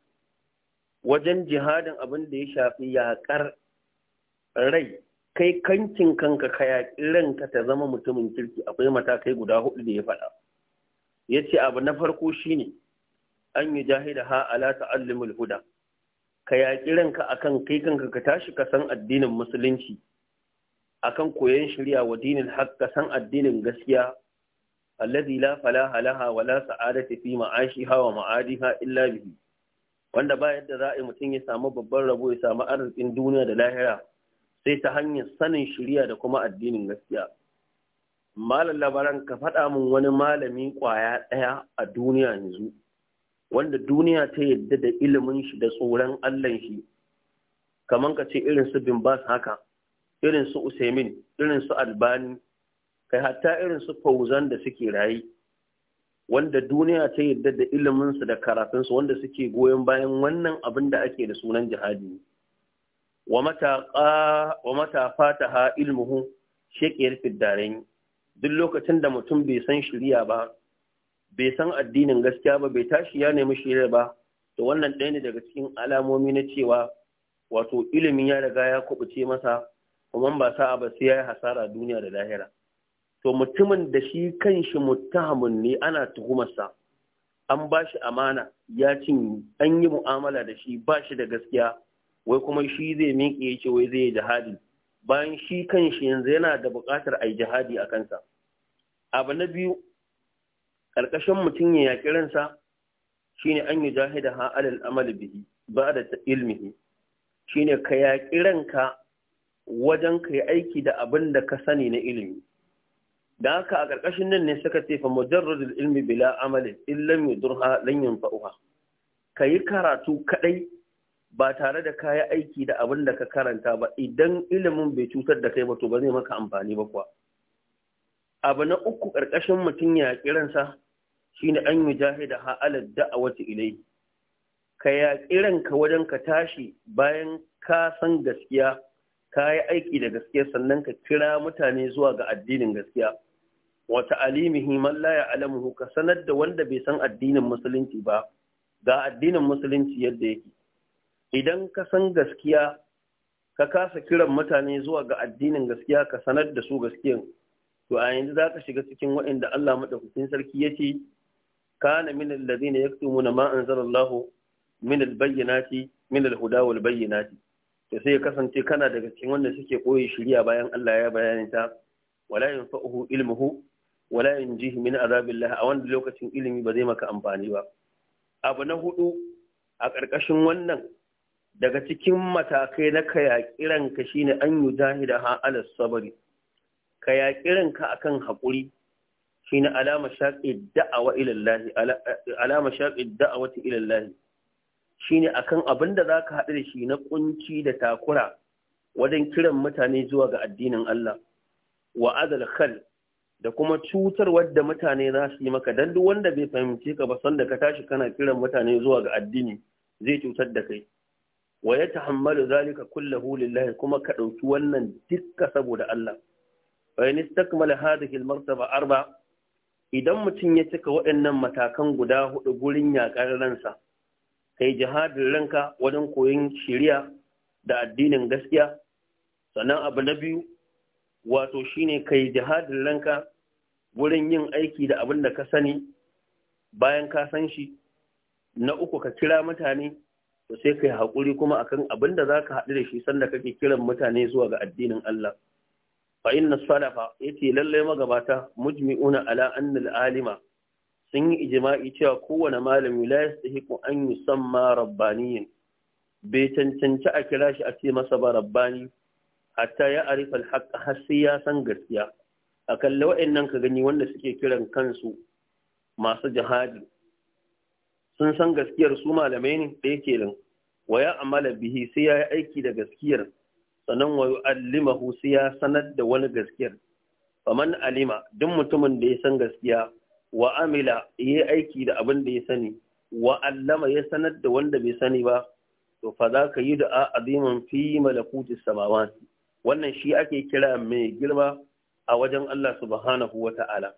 wajen jihadin abin da ya shafi yaƙar rai kai kankin kanka ka yaƙi ranka ta zama mutumin kirki akwai matakai guda hudu da ya faɗa ya ce abu na farko shine an yi jahida ha ala ta'allimul huda ka yaƙi ranka akan kai kanka ka tashi ka san addinin musulunci akan koyon shirya wa dinin haq san addinin gaskiya alladhi la falaha laha wa la sa'adati fi ma'ashiha wa ma'adiha illa bihi wanda ba yadda za a yi mutum ya samu babban rabo ya samu arzikin duniya da lahira sai ta hanyar sanin shirya da kuma addinin gaskiya malam labaran ka faɗa min wani malami ƙwaya ɗaya a duniya yanzu wanda duniya ta yadda da ilimin shi da tsoron Allah shi kamar ka ce irin su bin haka irin su usaimin irin su albani kai hatta irin su fauzan da suke rayu wanda duniya ta yadda da iliminsu da karatunsu wanda suke goyon bayan wannan abin da ake da sunan jihadi ne wa mata ha ilmuhu shekiyar fiddaren duk lokacin da mutum bai san shirya ba bai san addinin gaskiya ba bai tashi ya nemi shirya ba to wannan ɗaya ne daga cikin alamomi na cewa wato ilimin ya riga ya kubuce masa kuma ba sa ba sai ya yi hasara duniya da lahira to mutumin da shi kan shi muttahamun ne ana tuhumarsa an ba shi amana ya cinye an yi mu'amala da shi ba shi da gaskiya wai kuma shi zai miƙe ya ce wai zai yi jihadi bayan shi kan shi yanzu yana da buƙatar a yi jihadi a kansa abu na biyu ƙarƙashin mutum ya yaƙi ransa shine an yi jahida ha alal amal bihi ba da ilmihi ka yaƙi ranka wajen ka yi aiki da abin da ka sani na ilimi da haka a ƙarƙashin nan ne suka ce fa mujarradul ilmi bila amali in lam yudurha lan yanfa'uha ka yi karatu kadai ba tare da kayi aiki da abin da ka karanta ba idan ilimin bai cutar da kai ba to ba zai maka amfani ba kuwa abu na uku ƙarƙashin mutum ya kiransa shine an yi da ha'alar da'awati ilai ka ya kiranka wajen ka tashi bayan ka san gaskiya ka yi aiki da gaskiya sannan ka kira mutane zuwa ga addinin gaskiya wata alimihi man la ya'lamuhu ka sanar da wanda bai san addinin musulunci ba ga addinin musulunci yadda yake idan ka san gaskiya ka kasa kiran mutane zuwa ga addinin gaskiya ka sanar da su gaskiyan to a yanzu za ka shiga cikin waɗanda Allah maɗaukakin sarki ya ce kana min alladhina yaktumuna ma anzalallahu min albayyinati min alhuda wal bayyinati to sai ya kasance kana daga cikin wanda suke koyi shirya bayan Allah ya bayani ta wala yanfa'uhu ilmuhu wala yanjihi min azabillah a wanda lokacin ilimi ba zai maka amfani ba abu na hudu a ƙarƙashin wannan daga cikin matakai na ka yaƙi shi ne an yi zahi da ha'alar sabari ka yaƙi a kan haƙuri ne alama shaƙi da'awa ilallahi Shi ne akan abin da za ka haɗu da shi na ƙunci da takura wajen kiran mutane zuwa ga addinin Allah wa adal khal da kuma cutar wadda mutane za su yi maka dan duk wanda bai fahimci ka ba sanda ka tashi kana kiran mutane zuwa ga addini zai cutar da kai wa ya tahammalu zalika kullahu lillahi kuma ka ɗauki wannan dukka saboda Allah wa in istakmala hadhihi al-martaba arba idan mutum ya cika waɗannan matakan guda hudu gurin yaƙar ransa kai jihadin ranka wajen koyon shiriya da addinin gaskiya sannan abu na biyu wato shine kai jihadin ranka wurin yin aiki da abin da ka sani bayan ka san shi na uku ka kira mutane to sai kai haƙuri kuma akan abin da za ka haɗu da shi sanda kake kiran mutane zuwa ga addinin Allah. Fa inna salafa yace lalle magabata mujmi'una ala anna alima sun yi ijma'i cewa kowane malami la yastahiqu an yusamma rabbaniyin bai cancanci a kira shi a ce masa ba rabbani hatta ya arifa alhaq har sai ya san gaskiya a wa'annan ka gani wanda suke kiran kansu masu jihadi sun san gaskiyar su malamai ne yake nan wa ya amala bihi sai ya yi aiki da gaskiyar sannan wa yu'allimahu sai ya sanar da wani gaskiyar faman alima duk mutumin da ya san gaskiya wa amila ya aiki da abin da ya sani wa allama ya sanar da wanda bai sani ba to fa za ka yi da azimin fi malakutis samawati wannan shi ake kira mai girma a wajen Allah subhanahu wa ta'ala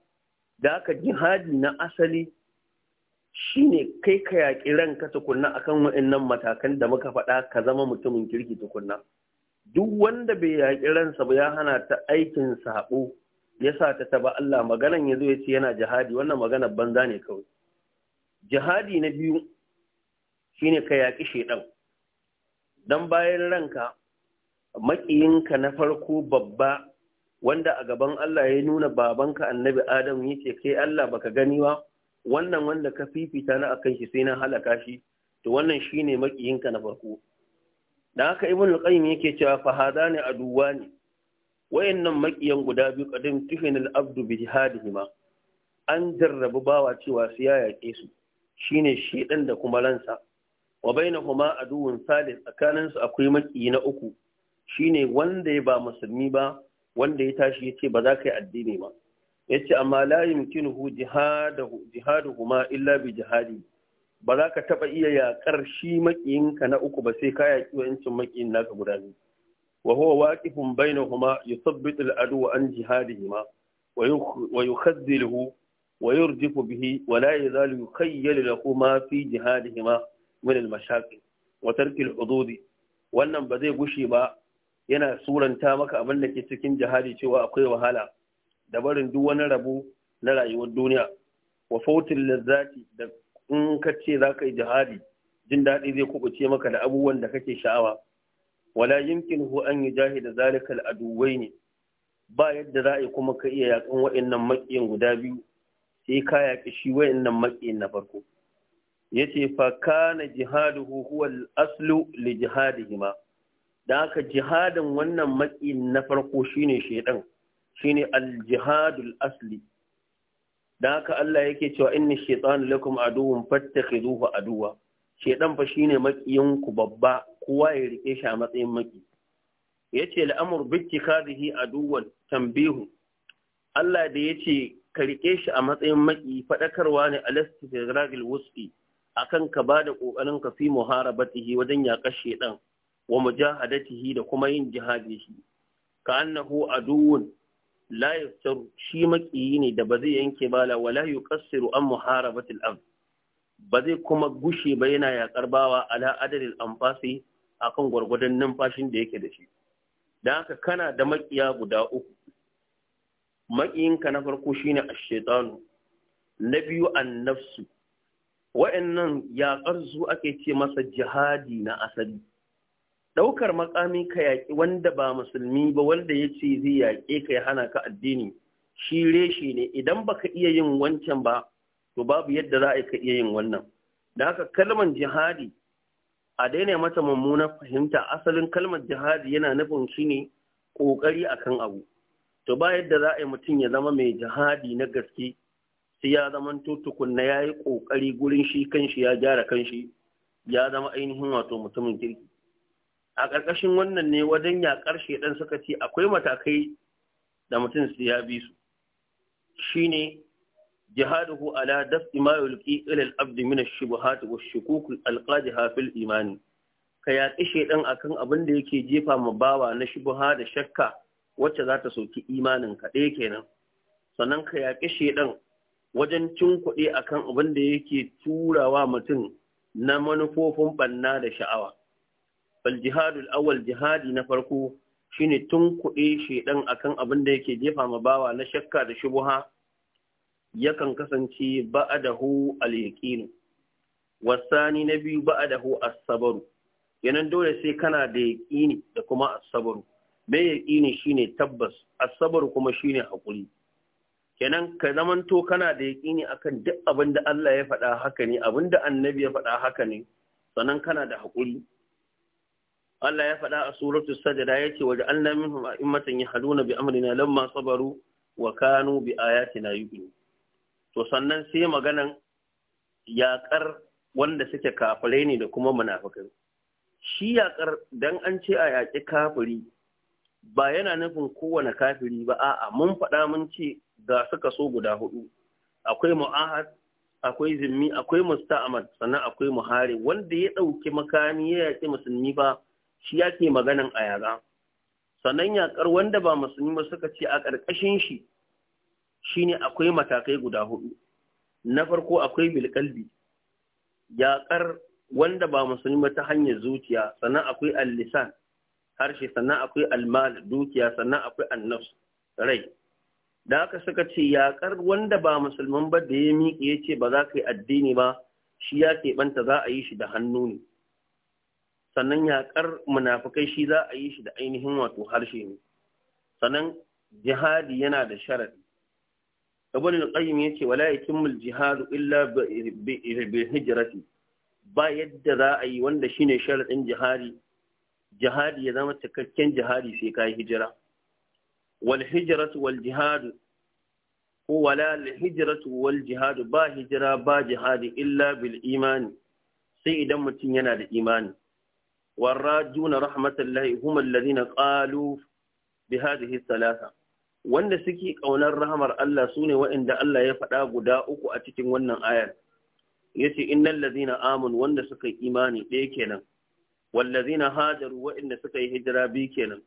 da aka jihadi na asali Shi ne kai ka yaƙi ranka tukunna akan waɗannan matakan da muka faɗa ka zama mutumin kirki tukunna duk wanda bai yaƙi ransa ba ya hana ta aikin saɓo ya sa ta taba Allah maganan ya zo ya ce yana jihadi wannan maganar banza ne kawai jihadi na biyu shi ne ka yaƙi shaidan Don bayan ranka maƙiyinka na farko babba wanda a gaban Allah ya nuna babanka annabi Adam ya ce kai Allah baka gani ba wannan wanda ka fifita na akan shi sai na halaka shi to wannan shine makiyinka na farko dan haka ibn al-qayyim yake cewa fa hadani aduwani wayannan makiyan guda biyu qadim tifin al-abdu bi jihadihima an jarrabu bawa cewa su ya yake su shine shedan da kuma ransa wa bainahuma aduwun salis tsakanin su akwai makiyi na uku shine wanda ya ba musulmi ba wanda ya tashi yace ba za ka yi addini ba yace amma la yumkinuhu jihadahu jihaduhuma illa bi jihadi ba za ka taba iya yakar shi makiyinka na uku ba sai ka yaki wancin makiyin naka guda biyu wa huwa waqifun bainahuma yuthabbitu al-adu an jihadihima wa yukhaddiluhu wa yurjifu bihi wa la yazalu yukhayyalu lahu ma fi jihadihima min al-mashaqi wa tarki al-hudud wannan ba zai gushi ba yana suranta maka abin da ke cikin jihadi cewa akwai wahala da barin duk wani rabu na rayuwar duniya wa fautin lazzati da in ka ce za ka yi jihadi jin daɗi zai kubuce maka da abubuwan da kake sha'awa wala yumkin hu an jahi da zalikal aduwai ne ba yadda za a yi kuma ka iya yakan wa'annan maƙiyan guda biyu sai ka yaƙi shi wa'annan maƙiyan na farko yace fa kana jihaduhu huwa al-aslu li jihadihima dan haka jihadin wannan maƙiyin na farko shine shaidan. shine aljihadul asli da haka Allah yake cewa inna shaitan lakum aduwwun fattakhiduhu aduwa shaitan fa shine makiyin ku babba kowa ya rike shi a matsayin maki yace al'amur bittikadihi aduwwan tambihu Allah da yace ka rike shi a matsayin maki fadakarwa ne alastigragil wusqi akan ka bada kokarin ka fi muharabatihi wajen yakar shaitan wa mujahadatihi da kuma yin jihadi shi ka annahu aduwwun la yaftaru shi makiyi ne da ba zai yanke bala wala yuqassiru an muharabatil am ba zai kuma gushe ba yana yaƙar bawa ala adadil anfasi akan gwargwadon numfashin da yake da shi dan haka kana da makiya guda uku makiyinka na farko shine ash-shaytanu na biyu an-nafsu wa'annan yakar su ake ce masa jihadi na asali ɗaukar makami ka yaƙi wanda ba musulmi ba wanda ya ce zai yaƙe ka ya hana ka addini shi reshe ne idan baka iya yin wancan ba to babu yadda za a ka iya yin wannan da haka kalmar jihadi a daina mata mummunar fahimta asalin kalmar jihadi yana nufin shi ne ƙoƙari akan abu to ba yadda za a yi mutum ya zama mai jihadi na gaske sai ya zama tukunna ya yi ƙoƙari gurin shi kanshi ya gyara kanshi ya zama ainihin wato mutumin kirki a ƙarƙashin wannan ne wajen yaƙar shaidan suka ce akwai matakai da mutum su ya bi su shine jihaduhu ala daf'i ma yulqi ila al-abd min ash-shubuhat wa ash-shukuk al-qadiha fil iman ka yaƙi shaidan akan abin da yake jefa ma bawa na shubuha da shakka wacce za ta soki imanin ka ɗaya kenan sannan ka yaƙi shaidan wajen cin kuɗi akan abin da yake turawa mutum na manufofin ɓanna da sha'awa faljihadul awal jihadi na farko shine tun kuɗe shedan akan abin da yake jefa ma bawa na shakka da shubuha yakan kasance ba'adahu al-yaqin wasani na biyu ba'adahu as-sabr yanan dole sai kana da yaqini da kuma as-sabr me yaqini shine tabbas as-sabr kuma shine hakuri kenan ka zamanto kana da yaƙini akan duk abinda Allah ya faɗa haka ne abinda annabi ya faɗa haka ne sannan kana da haƙuri Allah ya faɗa a suratu sajada yace wa ja'alna minhum a'immatan yahduna bi amrina lamma sabaru wa kanu bi ayatina yubinu to sannan sai maganan yaƙar wanda suke kafirai ne da kuma munafikai shi yaƙar dan an ce a yaƙi kafiri ba yana nufin kowane kafiri ba a'a mun faɗa mun ce ga suka so guda hudu akwai mu'ahad akwai zimmi akwai musta'amad sannan akwai muhari wanda ya ɗauki makami ya yaƙi musulmi ba shi yake maganan a yaga sannan yakar wanda ba musulmi ba suka ce a ƙarƙashin shi shine akwai matakai guda hudu na farko akwai bilkalbi yakar wanda ba musulmi ta hanyar zuciya sannan akwai al-lisan harshe sannan akwai almal dukiya sannan akwai an-nafs rai da haka suka ce yakar wanda ba musulman ba da ya miƙe ya ce ba za ka yi addini ba shi ya keɓanta za a yi shi da hannu ne sannan yaƙar munafukai shi za a yi shi da ainihin wato harshe ne sannan jihadi yana da sharadi ibn al-qayyim yace wala yatimul jihadu illa bi hijrati ba yadda za a yi wanda shine sharadin jihadi jihadi ya zama cikakken jihadi sai kai hijira wal hijratu wal ko wala al hijratu wal ba hijira ba jihadi illa bil imani sai idan mutum yana da imani warrajuna rahmatullahi hum alladhina qalu bi hadhihi thalatha wanda suke ƙaunar rahamar Allah sune waɗanda Allah ya faɗa guda uku a cikin wannan ayar yace innan ladhina amanu wanda suka yi imani ɗaya kenan wallazina hajaru waɗanda suka yi hijira bi kenan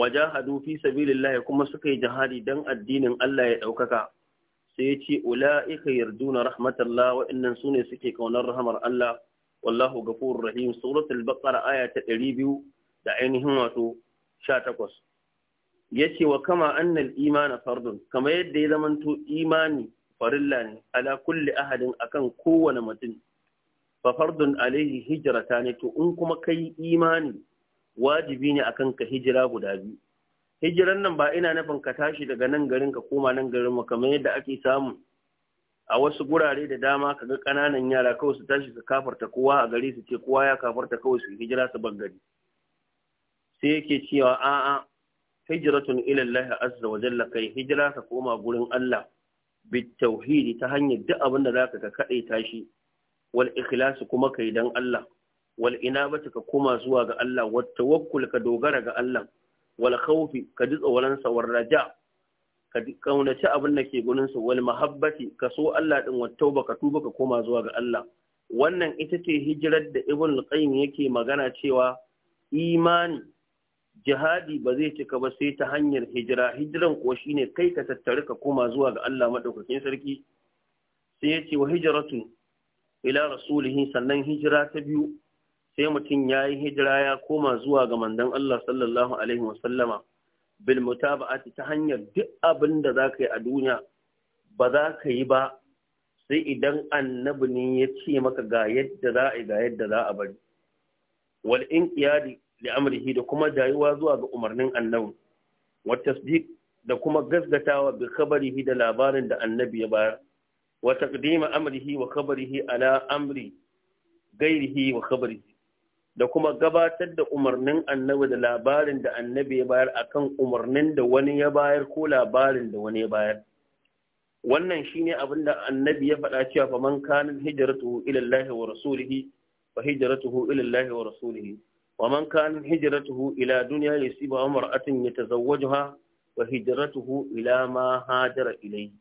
wajahadu fi sabilillahi kuma suka yi jihadi dan addinin Allah ya ɗaukaka sai yace ula'ika yarduna rahmatallah waɗannan sune suke ƙaunar rahamar Allah wallahu ghafurur rahim suratul baqara aya ta 200 da ainihin wato 18 yace wa kama annal imana fardun kama yadda ya zamanto imani farilla ne ala kulli ahadin akan kowane mutum fa fardun alaihi hijrata ne to in kuma kai imani wajibi ne akan ka hijira guda biyu hijiran nan ba ina nufin ka tashi daga nan garin ka koma nan garin mu kamar yadda ake samu a wasu gurare da dama ka ga ƙananan yara kawai su tashi su kafarta kowa a gari su ce kowa ya kafarta kawai su hijira su bar gari sai yake cewa a'a hijratun ilallahi Allah azza wa jalla kai hijira ka koma gurin Allah bit tauhidi ta hanyar duk abin da zaka ka kade tashi wal ikhlasu kuma kai dan Allah wal inabata ka koma zuwa ga Allah wat tawakkul ka dogara ga Allah wal khawfi ka ji tsawalan sa war raja' ka kaunaci abin da ke gurin su wal mahabbati ka so Allah din wa tauba ka tuba ka koma zuwa ga Allah wannan ita ce hijirar da Ibn qayyim yake magana cewa imani jihadi ba zai cika ba sai ta hanyar hijira hijiran ko shine kai ka tattare ka koma zuwa ga Allah madaukakin sarki sai ya ce wa hijratu ila rasulihi sannan hijira ta biyu sai mutum yayi hijira ya koma zuwa ga mandan Allah sallallahu alaihi wasallama bil mutaba'ati ta hanyar duk abin da za ka yi a duniya ba za ka yi ba sai idan annabi ne ya ce maka ga yadda za a yi ga yadda za a bari wal inqiyadi li amrihi da kuma dayuwa zuwa ga umarnin annabi wa tasdiq da kuma gaskatawa bi khabarihi da labarin da annabi ya bayar wa taqdima amrihi wa khabarihi ala amri gairihi wa khabarihi da kuma gabatar da umarnin annabi da labarin da annabi ya bayar akan umarnin da wani ya bayar ko labarin da wani ya bayar wannan shine abin da annabi ya faɗa cewa fa man kana hijratuhu ila Allah wa rasulihi fa hijratuhu ila Allah wa rasulihi wa man kana hijratuhu ila dunya yusiba amra'atin yatazawwajuha wa hijratuhu ila ma hajara ilayhi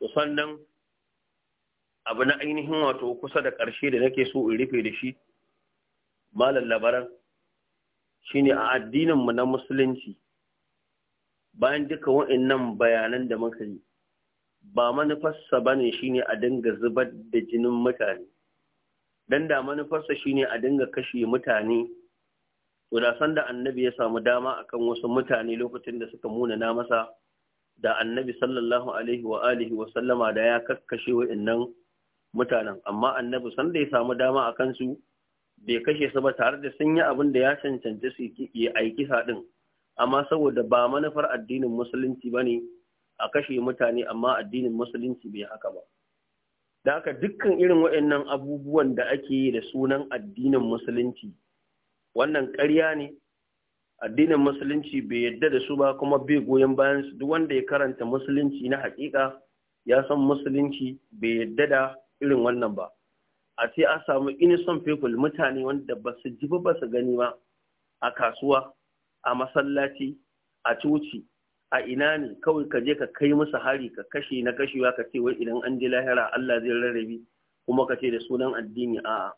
to sannan abu na ainihin wato kusa da ƙarshe da nake so in rufe da shi malam labaran shine a addininmu na musulunci bayan duka wa'annan bayanan da muka yi ba manufarsa ba ne shine a dinga zubar da jinin mutane dan da manufarsa shine a dinga kashe mutane to da annabi ya samu dama akan wasu mutane lokacin da suka muna na masa da annabi sallallahu alaihi wa alihi wa sallama da ya kakkashe wa'annan mutanen amma annabi sanda ya samu dama akan su bai kashe su ba tare da sun yi abin da ya cancanci su yi aiki haɗin amma saboda ba manufar addinin musulunci ba ne a kashe mutane amma addinin musulunci bai haka ba da haka dukkan irin waɗannan abubuwan da ake yi da sunan addinin musulunci wannan ƙarya ne addinin musulunci bai yadda da su ba kuma bai goyon bayan su duk wanda ya karanta musulunci na haƙiƙa ya san musulunci bai yadda da irin wannan ba a ce an samu innocent people mutane wanda ba su ji ba su gani ba a kasuwa a masallaci a coci a ina ne kawai ka je ka kai musu hari ka kashe na kashewa ka ce wai idan an je lahira Allah zai rarrabe kuma ka ce da sunan addini a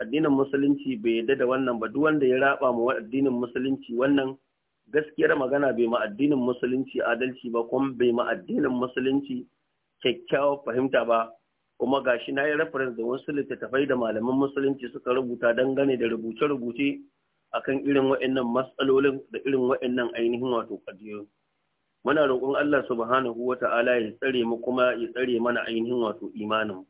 addinin musulunci bai yarda da wannan ba duk wanda ya raba mu addinin musulunci wannan gaskiyar magana bai ma addinin musulunci adalci ba kuma bai ma addinin musulunci kyakkyawar fahimta ba kuma gashi na yi reference da wasu littattafai da malaman musulunci suka rubuta dangane da rubuce-rubuce akan irin wa'annan matsalolin da irin wa'annan ainihin wato kadiru muna roƙon Allah subhanahu wa ta'ala ya tsare mu kuma ya tsare mana ainihin wato imanin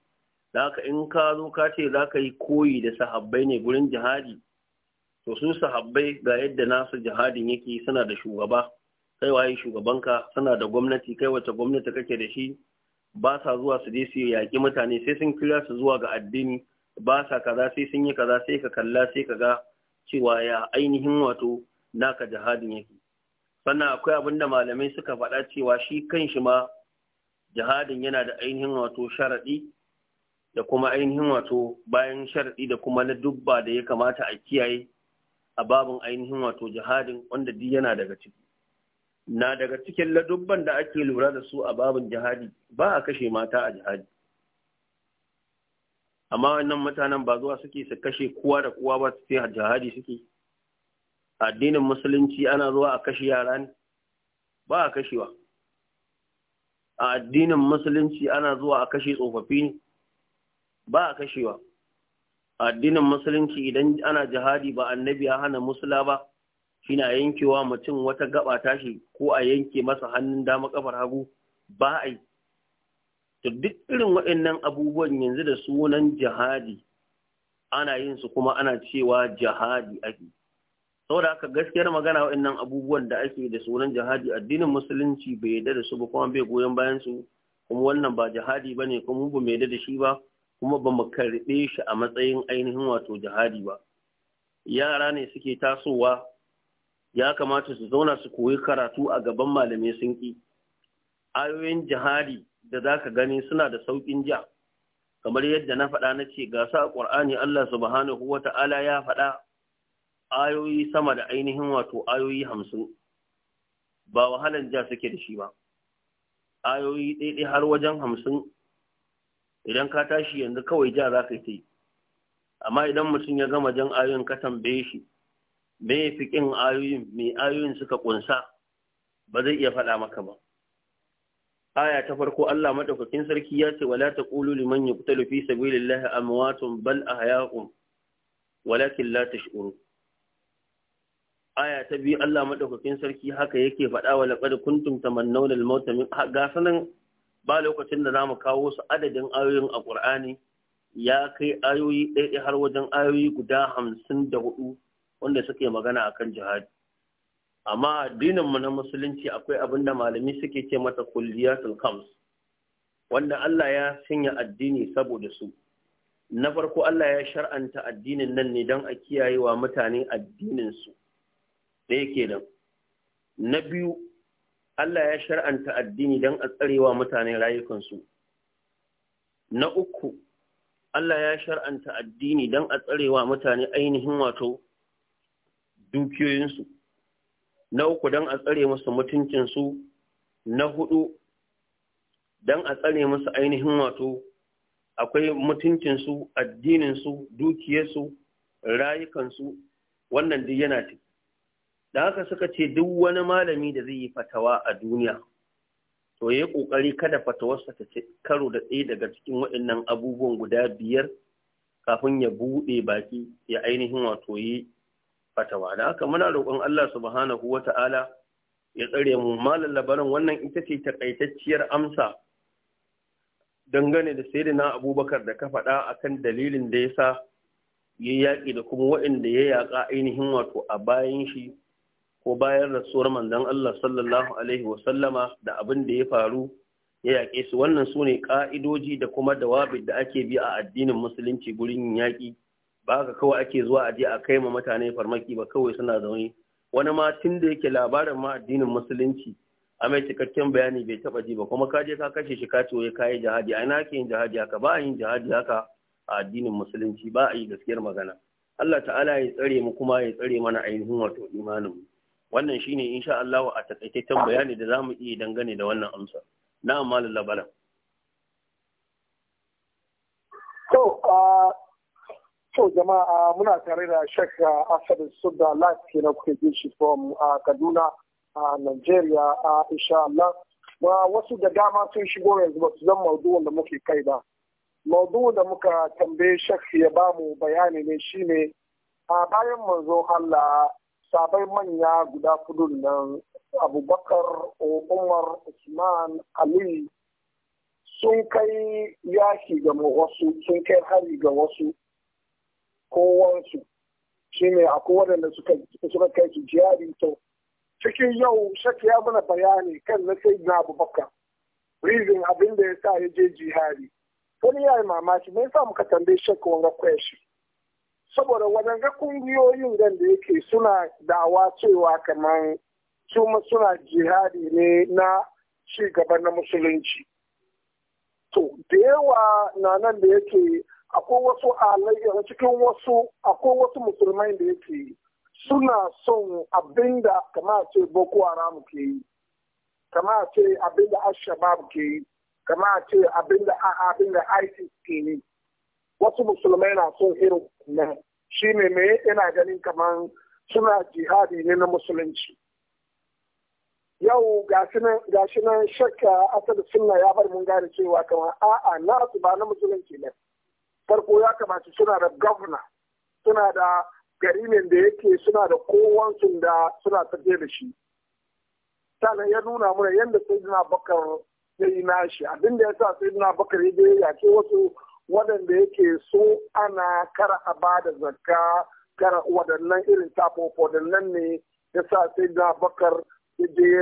da haka in ka zo ka ce za ka yi koyi da sahabbai ne gurin jihadi to su sahabbai ga yadda nasu jihadin yake suna da shugaba kai waye shugabanka suna da gwamnati kai wacce gwamnati kake da shi ba sa zuwa su je su yaƙi mutane sai sun kira su zuwa ga addini ba sa kaza sai sun yi kaza sai ka kalla sai ka ga cewa ya ainihin wato naka jihadin yake sannan akwai abin da malamai suka faɗa cewa shi kan shi ma jihadin yana da ainihin wato sharaɗi da kuma ainihin wato bayan sharaɗi da kuma na dubba da ya kamata a kiyaye a babin ainihin wato jihadin wanda duk yana daga ciki na daga cikin ladubban da ake lura da su a babin jihadi ba a kashe mata a jihadi amma wannan mutanen ba zuwa suke su kashe kowa da kowa ba sai a jihadi suke addinin musulunci ana zuwa a kashe yara ne ba a kashewa a addinin musulunci ana zuwa a kashe tsofaffi ne ba a kashewa addinin musulunci idan ana jihadi ba annabi ya hana musula ba Shina yankewa mutum wata gaba tashi ko a yanke masa hannun dama kafar hagu ba a yi to duk irin waɗannan abubuwan yanzu da sunan jihadi ana yin su kuma ana cewa jihadi ake saboda haka gaskiyar magana waɗannan abubuwan da ake da sunan jihadi addinin musulunci bai yarda da su ba kuma bai goyon bayan su kuma wannan ba jihadi ba ne kuma ba mai da shi ba kuma ba mu karɓe shi a matsayin ainihin wato jihadi ba yara ne suke tasowa ya kamata su zauna su koyi karatu a gaban malamai sun ki ayoyin jihadi da za ka gani suna da sauƙin ja kamar yadda na faɗa na ce ga sa ƙur'ani Allah subhanahu wa ta'ala ya faɗa ayoyi sama da ainihin wato ayoyi hamsin ba wahalan ja suke da shi ba ayoyi ɗaiɗai har wajen hamsin idan ka tashi yanzu kawai ja za ka yi ta yi amma idan mutum ya gama jan ayoyin ka tambaye shi me ƙin ayoyin me ayoyin suka ƙunsa ba zai iya faɗa maka ba aya ta farko Allah madaukakin sarki ya ce wala taqulu liman yuqtalu fi sabilillahi amwatun bal ahya'un walakin la tash'urun aya ta biyu Allah madaukakin sarki haka yake faɗa wa laqad kuntum tamannawna al-mauta min ga ba lokacin da zamu kawo su adadin ayoyin a ƙur'ani, ya kai ayoyi ɗaya-ɗaya har wajen ayoyi guda hamsin da hudu wanda suke magana akan jihadi amma addinin mu na musulunci akwai abin da malami suke ce mata kulliyatul kams wanda Allah ya sanya addini saboda su na farko Allah ya shar'anta addinin nan ne don a kiyaye wa mutane addinin su da yake nan na biyu Allah ya shar'anta addini don a tsarewa mutane rayukansu na uku Allah ya shar'anta addini don a tsarewa mutane ainihin wato dukiyoyinsu na uku don a tsare musu mutuncinsu na hudu don a tsare musu ainihin wato akwai mutuncinsu addininsu dukiyarsu rayukansu wannan duk yana ciki da haka suka ce duk wani malami da zai yi fatawa a duniya to ya ƙoƙari kada fatawarsa ta ce karo da ɗaya daga cikin waɗannan abubuwan guda biyar kafin ya buɗe baki ya ainihin wato yi fatawa da haka muna roƙon Allah subhanahu wata'ala ya tsare mu malam labarin wannan ita ce takaitacciyar amsa dangane da sayyidina Abubakar da ka faɗa akan dalilin da yasa ya yaƙi da kuma waɗanda ya yaka ainihin wato a bayan shi ko bayan rasuwar manzon Allah sallallahu alaihi wasallama da abin da ya faru ya yaƙe su wannan su ne ƙa'idoji da kuma dawabi da ake bi a addinin musulunci gurin yaƙi ba haka kawai ake zuwa a je a kai ma mutane farmaki ba kawai suna zaune wani ma tun da yake labarin ma addinin musulunci a mai cikakken bayani bai taba ji ba kuma kaje ka kashe shi ka ce wai kayi jihadi a ina ake yin jihadi haka ba a yin jihadi haka a addinin musulunci ba a yi gaskiyar magana Allah ta'ala ya tsare mu kuma ya tsare mana ainihin wato imanin mu wannan shine insha Allah a takaitaccen bayani da zamu iya dangane da wannan amsa na'am malam labaran to To jama'a muna tare da Sheikh uh, Asad Sudda Suda ke kuke ji shi from uh, Kaduna a uh, Nigeria insha Allah. wasu da dama sun shigo yanzu ba su zan maudu'in da muke kai ba. Maudu'in da muka tambaye Sheikh ya ba mu bayani ne shine a bayan manzo Allah sabai manya guda kudun nan Abubakar, Umar, Usman, Ali sun kai yaki ga wasu, sun kai hari ga wasu. kowansu shi ne kowa waɗanda suka kai su jihadi to cikin yau shakka ya mana bayani kan na sai na abubakar reason abin da ya sa ya je jihadi wani ya yi mamaki me yasa muka tambaye shakka wanga kwashi saboda waɗanda kungiyoyin gan da yake suna dawa cewa kamar su suna jihadi ne na ci gaba na musulunci to da yawa na nan da yake akwai wasu halayya cikin wasu akwai wasu musulmai da yake suna son abinda kama ce boko haram ke yi kama ce abinda ashabab ke yi kama ce abinda abinda isis ke yi wasu musulmai na son irin na shi ne me yana ganin kaman suna jihadi ne na musulunci yau ga shi nan shakka asali sunna ya bar mun gane cewa kamar a'a nasu ba na musulunci ne farko ya kamata suna da gwamna suna da ne da yake suna da kowansu da suna tafiye da shi sannan ya nuna mana yadda sayyidina bakar ya yi nashi abinda ya sa sayyidina bakar ya je ya ce wasu waɗanda yake so ana kara a ba da zakka kara waɗannan irin tafo waɗannan ne ya sa sayyidina bakar ya je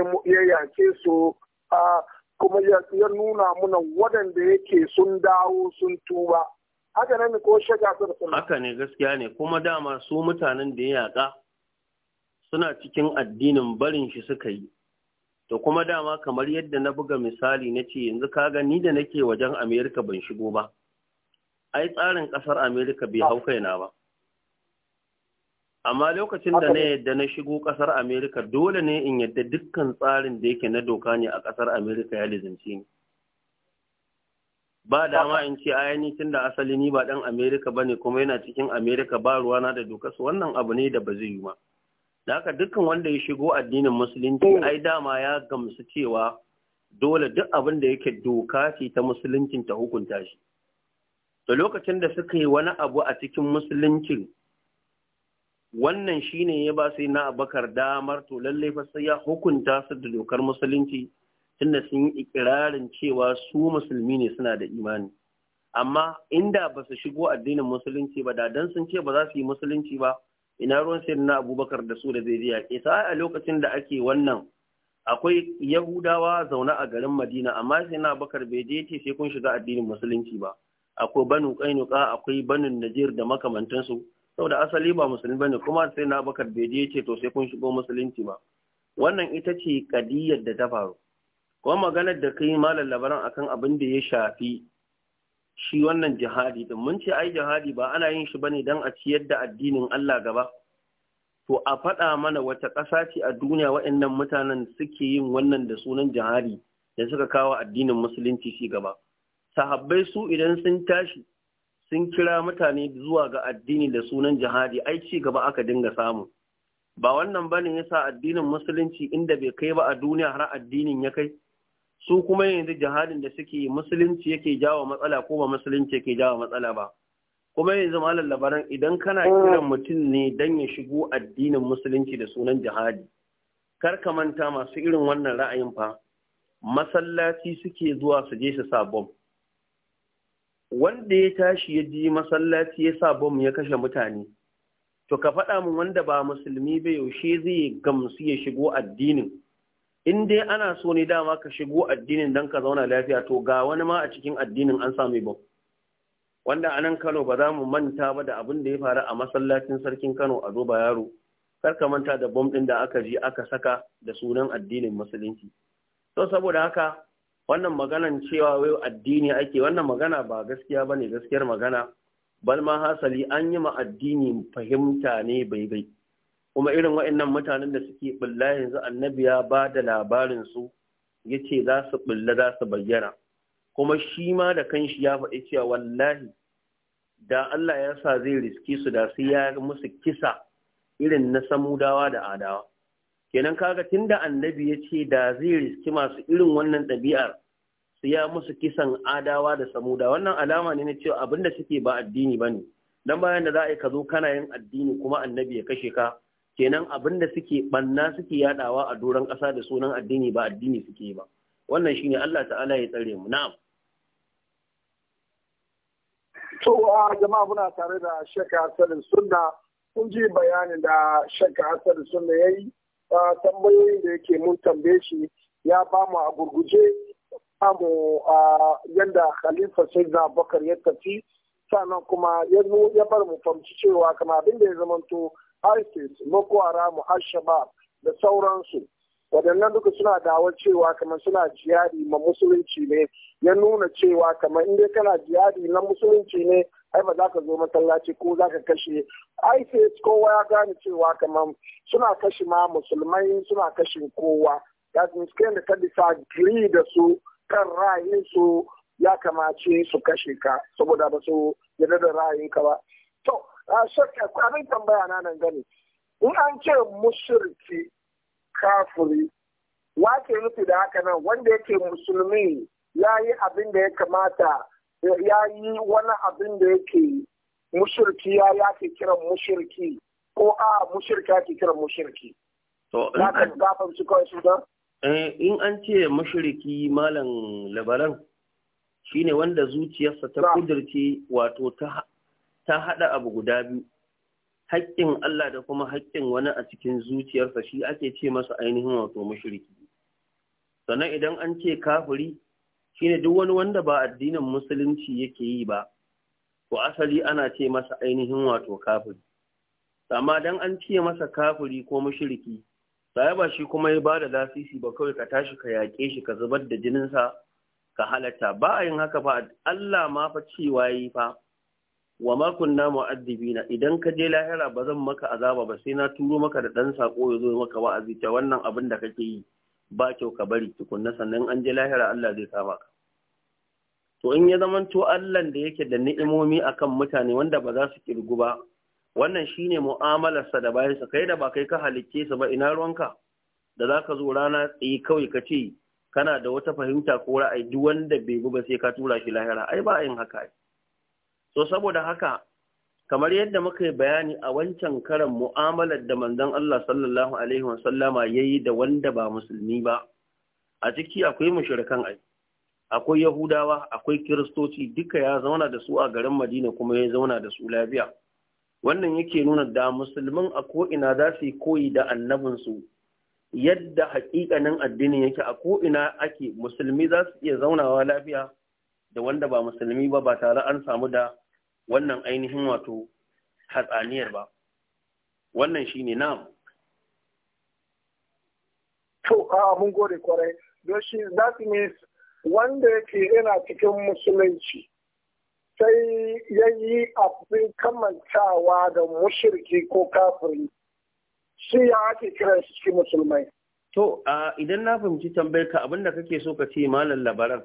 ya su ah, kuma ya nuna mana waɗanda yake sun dawo sun tuba haka nan ko shaga su haka ne gaskiya ne kuma dama su mutanen da ya yaƙa suna cikin addinin barin shi suka yi to kuma dama kamar yadda na buga misali na ce yanzu kaga ni da nake wajen amerika ban shigo ba ai tsarin ƙasar amerika bai hau kaina ba amma lokacin da na yadda na shigo ƙasar amerika dole ne in yadda dukkan tsarin da yake na doka ne a ƙasar amerika ya lizinci ni ba dama in ce a tun da asali ni ba dan amerika ba ne kuma yana cikin amerika ba ruwana da dokas wannan abu ne da ba zai yi ma da haka dukkan wanda ya shigo addinin musulunci mm. ai dama ya gamsu cewa dole duk abin da yake doka ce ta musuluncin ta hukunta shi Da lokacin da suka yi wani abu a cikin musuluncin wannan shine ya ba sai na abakar damar to lallai fa sai ya hukunta su da dokar musulunci tunda sun yi ikirarin cewa su musulmi ne suna da imani amma inda ba su shigo addinin musulunci ba da dan sun ce ba za su yi musulunci ba ina ruwan sai na abubakar da su da zai je ke sai a lokacin da ake wannan akwai yahudawa zaune a garin madina amma sai na abubakar bai je ce sai kun shiga addinin musulunci ba akwai banu kainuka akwai banin najir da makamantansu saboda asali ba musulmi bane kuma sai na abubakar bai je ce to sai kun shigo musulunci ba wannan ita ce kadiyar da ta faru kuma maganar da kai malam labaran akan abin da ya shafi shi wannan jihadi din mun ce ai jihadi ba ana yin shi bane dan a ciyar da addinin Allah gaba to a faɗa mana wata ƙasa ce a duniya waɗannan mutanen suke yin wannan da sunan jihadi da suka kawo addinin musulunci shi gaba sahabbai su idan sun tashi sun kira mutane zuwa ga addini da sunan jihadi ai ci gaba aka dinga samu ba wannan bane yasa addinin musulunci inda bai kai ba a duniya har addinin ya kai su kuma yanzu jihadin da suke musulunci yake jawo matsala ko ba musulunci yake jawo matsala ba kuma yanzu malam labaran idan kana mm. kiran mutum ne dan ya shigo addinin musulunci da sunan jihadi kar ka manta masu irin wannan ra'ayin fa masallaci suke zuwa su je su sa bom wanda ya tashi ya ji masallaci ya sa bom ya kashe mutane to ka faɗa min wanda ba musulmi ba yaushe zai gamsu ya shigo addinin in dai ana so ne dama ka shigo addinin don ka zauna lafiya to ga wani ma a cikin addinin an sami bam wanda a nan kano ba za mu manta ba da abin da ya faru a masallacin sarkin kano a zoba yaro kar manta da bom ɗin da aka ji aka saka da sunan addinin musulunci to saboda haka wannan maganan cewa wai addini ake wannan magana ba gaskiya ba ne gaskiyar magana balma hasali an yi ma addini fahimta ne bai bai kuma irin wa'annan mutanen da suke bulla yanzu annabi ya ba da labarin su yace za su bulla za su bayyana kuma shi ma da kanshi ya faɗi cewa wallahi da Allah ya sa zai riske su da sai ya musu kisa irin na samudawa da adawa kenan kaga tunda annabi ya ce da zai riski masu irin wannan ɗabi'ar su ya musu kisan adawa da samuda wannan alama ne na cewa abinda suke ba addini bane dan bayan da za a yi ka zo kana yin addini kuma annabi ya kashe ka kenan abin da suke banna suke yadawa a doron ƙasa da sunan addini ba addini suke ba wannan shine Allah ta'ala ya tsare mu na'am to a jama'a muna tare da shakka hasalin sunna kun ji bayanin da shakka hasalin sunna yayi tambayoyin da yake mun tambaye shi ya ba mu a gurguje ba mu yadda khalifa sai Bakar ya tafi sannan kuma ya bar mu famci cewa kama abin da ya zamanto isis boko haram al shabaab da sauransu wadannan duka suna dawar cewa kamar suna jihadi ma musulunci ne ya nuna cewa kamar in dai kana jihadi na musulunci ne ai ba za ka zo masallaci ko za ka kashe isis kowa ya gane cewa kamar suna kashe ma musulmai suna kashe kowa ya miskin da ka giri da su kan ra'ayinsu ya kamace su kashe ka saboda ba su yarda da ra'ayin ka ba Ah, shakka abin tambaya na nan gani in an ce mushirki kafiri ke nufi da haka nan wanda yake musulmi ya yi abin da ya kamata ya yi wani abin da yake mushirki ya ya ke kiran mushirki ko a ya ke kiran mushirki. To, eh, in an ce mushirki malam labaran shine wanda zuciyarsa ta kudurci wato ta ta haɗa abu guda biyu haƙƙin Allah da kuma haƙƙin wani a cikin zuciyarsa shi ake ce masa ainihin wato mushriki sannan idan an ce kafiri shine duk wani wanda ba addinin musulunci yake yi ba to asali ana ce masa ainihin wato kafiri amma dan an ce masa kafiri ko mushriki sai ba shi kuma ya ba da lasisi ba kawai ka tashi ka yaƙe shi ka zubar da jininsa ka halatta ba a yin haka ba Allah ma fa cewa yi fa wa ma kunna mu'addibina idan ka je lahira ba zan maka azaba ba sai na turo maka da dan sako ya zo maka wa'azi ta wannan abin da kake yi ba kyau ka bari tukunna sannan an je lahira Allah zai kama ka to in ya zamanto Allah da yake da ni'imomi akan mutane wanda ba za su kirgu ba wannan shine mu'amalarsa da bayansa kai da ba kai ka halicce sa ba ina ruwanka da za ka zo rana tsaye kawai ka ce kana da wata fahimta ko ra'ayi duk wanda bai bi ba sai ka tura shi lahira ai ba yin haka ai so saboda haka kamar yadda muka yi bayani a wancan karan mu'amalar da manzon Allah sallallahu alaihi wasallama yayi da wanda ba musulmi ba a ciki akwai mushrikan ai akwai yahudawa akwai kiristoci duka ya zauna da su a garin madina kuma ya zauna da su lafiya wannan yake nuna da musulmin a ko'ina za su koyi da annabinsu yadda haƙiƙanin addinin yake a ko'ina ake musulmi za su iya zaunawa lafiya da wanda ba musulmi ba ba tare an samu da wannan ainihin wato hatsaniyar ba wannan shi ne na to a ah, mun gode kwarai don shi that means wanda yake yana cikin musulunci sai ya yi abin kamantawa da mushirki ko kafiri shi ya ake kira shi musulmai to ah, idan na fahimci tambayar ka abinda kake so ka ce malam labaran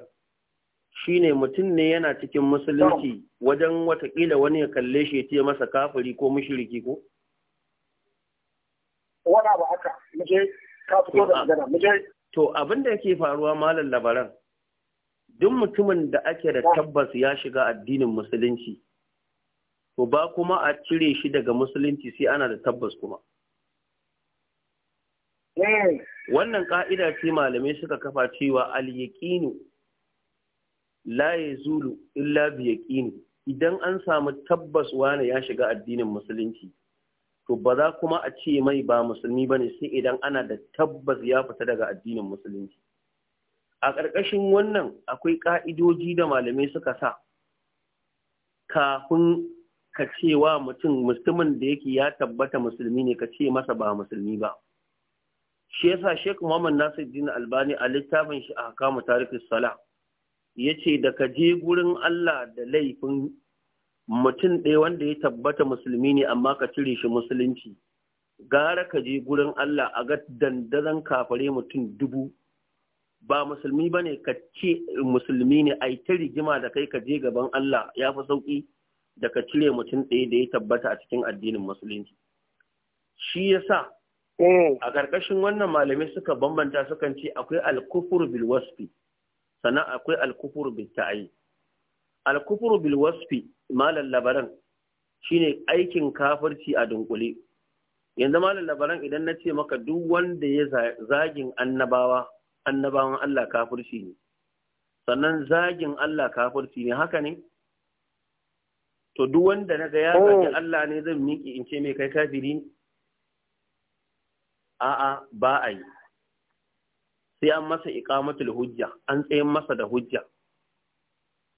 shine mutum ne yana cikin musulunci wajen watakila wani ya kalle shi ya ce masa kafiri ko mushriki ko? Wana ba haka, muje da magana, muje. To abin da yake faruwa malam labaran, duk mutumin da ake da tabbas ya shiga addinin musulunci, to ba kuma a cire shi daga musulunci sai ana da tabbas kuma. Eh. Wannan ka'ida ce malamai suka kafa cewa al la zulu illa bi idan an samu tabbas wani ya shiga addinin musulunci to ba za kuma a ce mai ba musulmi ba ne sai idan ana da tabbas ya fita daga addinin musulunci a ƙarƙashin wannan akwai ƙa'idoji da malamai suka sa kafin ka ce wa mutum musulmin da yake ya tabbata musulmi ne ka ce masa ba musulmi ba shi yasa Sheikh Muhammad Nasiruddin Albani a littafin shi a hakamu tarihi sala ya ce da ka je gurin Allah da laifin mutum ɗaya wanda ya tabbata musulmi ne amma ka cire shi musulunci gara ka je gurin Allah a ga dandazon kafare mutum dubu ba musulmi ba ne ka ce musulmi ne a ta rigima da kai ka je gaban Allah ya fi sauƙi da ka cire mutum ɗaya da ya tabbata a cikin addinin musulunci shi yasa eh. a ƙarƙashin wannan malamai suka bambanta sukan ce akwai alkufur bil wasfi sannan akwai alkufuru bil ta'ayi alkufuru bil wasfi malal labaran shine aikin kafirci a dunkule yanzu malal labaran idan na ce maka duk wanda ya zagin annabawa annabawan Allah kafirci ne sannan zagin Allah kafirci ne haka ne to duk wanda na ga ya oh. zagi Allah ne zan miki in ce mai kai kafiri a'a ba a yi sai an masa iqamatul hujja an tsayin masa da hujja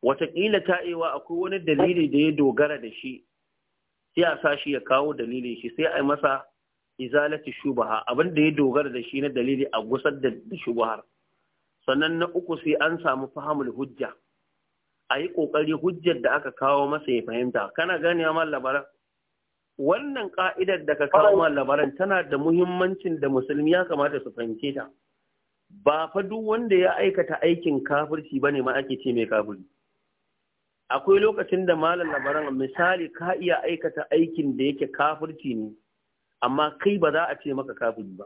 wataƙila ta ewa akwai wani dalili da ya dogara da shi sai a sa shi ya kawo dalilin shi sai a yi masa izalati shubaha abin da ya dogara da shi na dalili a gusar da shubahar sannan na uku sai an samu fahimul hujja a yi ƙoƙari hujjar da aka kawo masa ya fahimta kana gane ma labaran wannan ka'idar da ka kawo labaran tana da muhimmancin da musulmi ya kamata su fahimce ta ba fa duk wanda ya aikata aikin kafirci ba ne ma ake ce mai kafiri akwai lokacin da malam labaran misali ka iya aikata aikin da yake kafirci ne amma kai ba za a ce maka kafiri ba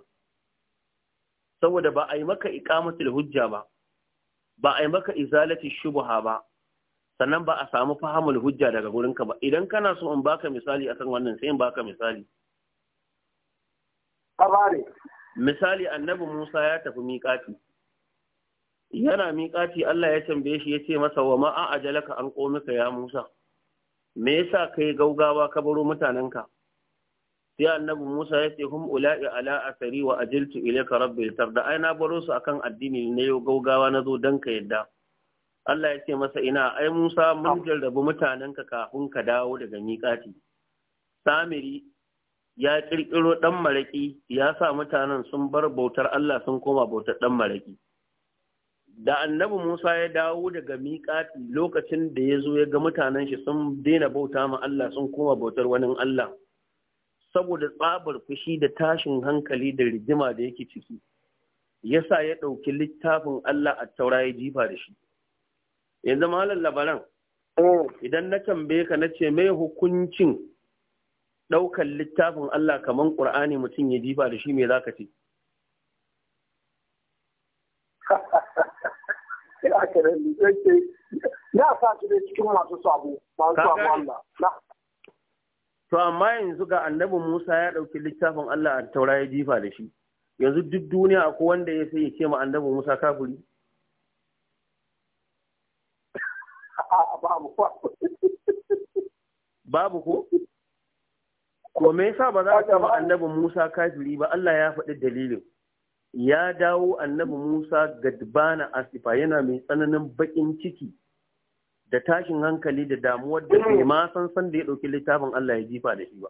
saboda ba a yi maka ikamatul hujja ba ba a yi maka izalati shubha ba sannan ba a samu fahamul hujja daga gurinka ba idan kana so in baka misali akan wannan sai in baka misali misali annabi Musa ya tafi miƙati yana miƙati Allah ya tambaye shi ya ce masa wa ma an ajalaka an komika ya Musa me yasa kai gaugawa ka baro mutanenka sai annabi Musa ya ce hum ula'i ala asari wa ajiltu ilayka rabbi tarda ai na baro su akan addini ne yau gaugawa na zo dan ka yadda Allah ya ce masa ina ai Musa mun jarrabu mutanenka kafin ka dawo daga miƙati Samiri ya ƙirƙiro ɗan maraƙi ya sa mutanen sun bar bautar Allah sun koma bautar ɗan maraƙi. Da annabi Musa ya dawo daga miƙati lokacin da ya zo ya ga mutanen shi sun daina bauta ma Allah sun koma bautar wani Allah. Saboda tsabar fushi da tashin hankali da rigima da yake ciki, ya sa ya ɗauki littafin Allah a taura ya jifa da shi. Yanzu malam labaran, eh. idan na tambaye ka na ce mai hukuncin ɗaukar littafin Allah kamar ƙur'ani mutum ya jifa da shi me za ka ce? Ina (laughs) karin ce, na sa shi ne cikin masu sabo, masu sabo Allah. To amma yanzu ga annabi Musa ya ɗauki littafin Allah a taura ya jifa da shi. Yanzu duk duniya akwai wanda ya sai ya ce ma annabi Musa kafiri? (laughs) Babu ko? Babu ko? ko me yasa ba za a kama annabi Musa kafiri ba Allah ya faɗi dalilin ya dawo annabi Musa gadbana asifa yana mai tsananin baƙin ciki da tashin hankali da damuwar da bai ma san san da ya ɗauki littafin Allah ya jifa da shi ba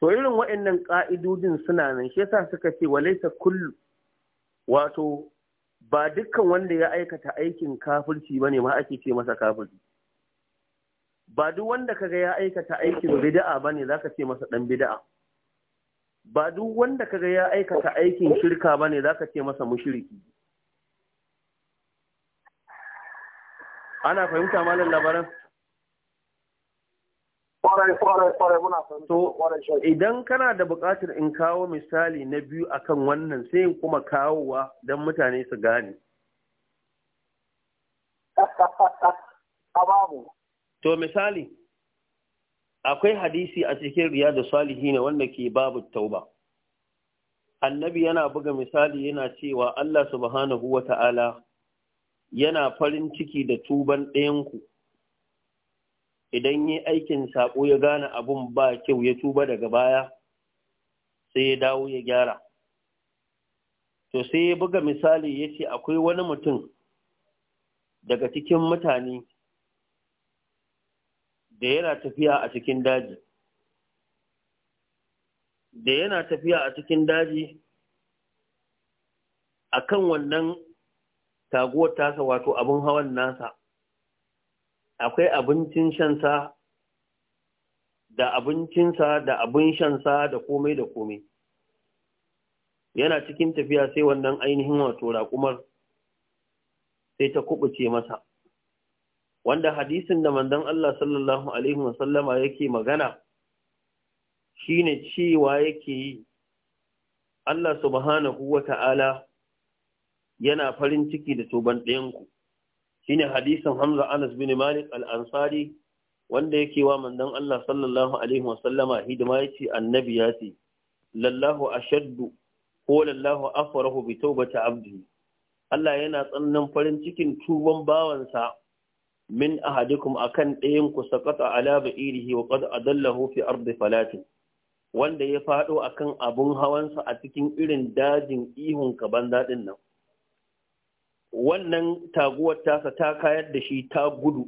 to irin waɗannan ƙa'idodin suna nan shi yasa suka ce walaisa kullu wato ba dukkan wanda ya aikata aikin kafirci bane ma ake ce masa kafirci ba duk wanda kaga ya aikata aikin bid'a bane zaka ce masa dan bid'a ba duk wanda kaga ya aikata aikin shirka bane zaka ce masa mushriki ana fahimta malam labaran So, idan kana da buƙatar in kawo misali na biyu akan wannan sai in kuma kawowa don mutane su gane. (laughs) to misali akwai hadisi a cikin da salihi ne wanda ke babu tauba annabi yana buga misali yana cewa Allah subhanahu wa ta'ala yana farin ciki da tuban ɗayanku idan yi aikin saƙo ya gane abun ba kyau ya tuba daga baya sai ya dawo ya gyara to sai ya buga misali ya ce akwai wani mutum daga cikin mutane da yana tafiya a cikin daji da yana tafiya a cikin daji a kan wannan taguwar tasa wato abin hawan nasa akwai abincin shansa da abincinsa da abin shansa da komai da komai yana cikin tafiya sai wannan ainihin wato raƙumar sai ta kubuce masa wanda hadisin da manzon Allah sallallahu alaihi wasallama yake magana shine cewa yake yi Allah subhanahu wata'ala yana farin ciki da tuban ɗayanku shine hadisin Hamza Anas bin Malik al-Ansari wanda yake wa manzon Allah sallallahu alaihi wasallama hidima yace annabi ya ce lallahu ashaddu ko lallahu afrahu bi tawbati abdi Allah yana tsannan farin cikin tuban bawansa min ahadikum akan ɗayan ku saqata alaba iri wa qad adallahu fi ardi falatin wanda ya faɗo akan abun hawansa a cikin irin dajin ihun ka banza nan wannan taguwar tasa ta kayar da shi ta gudu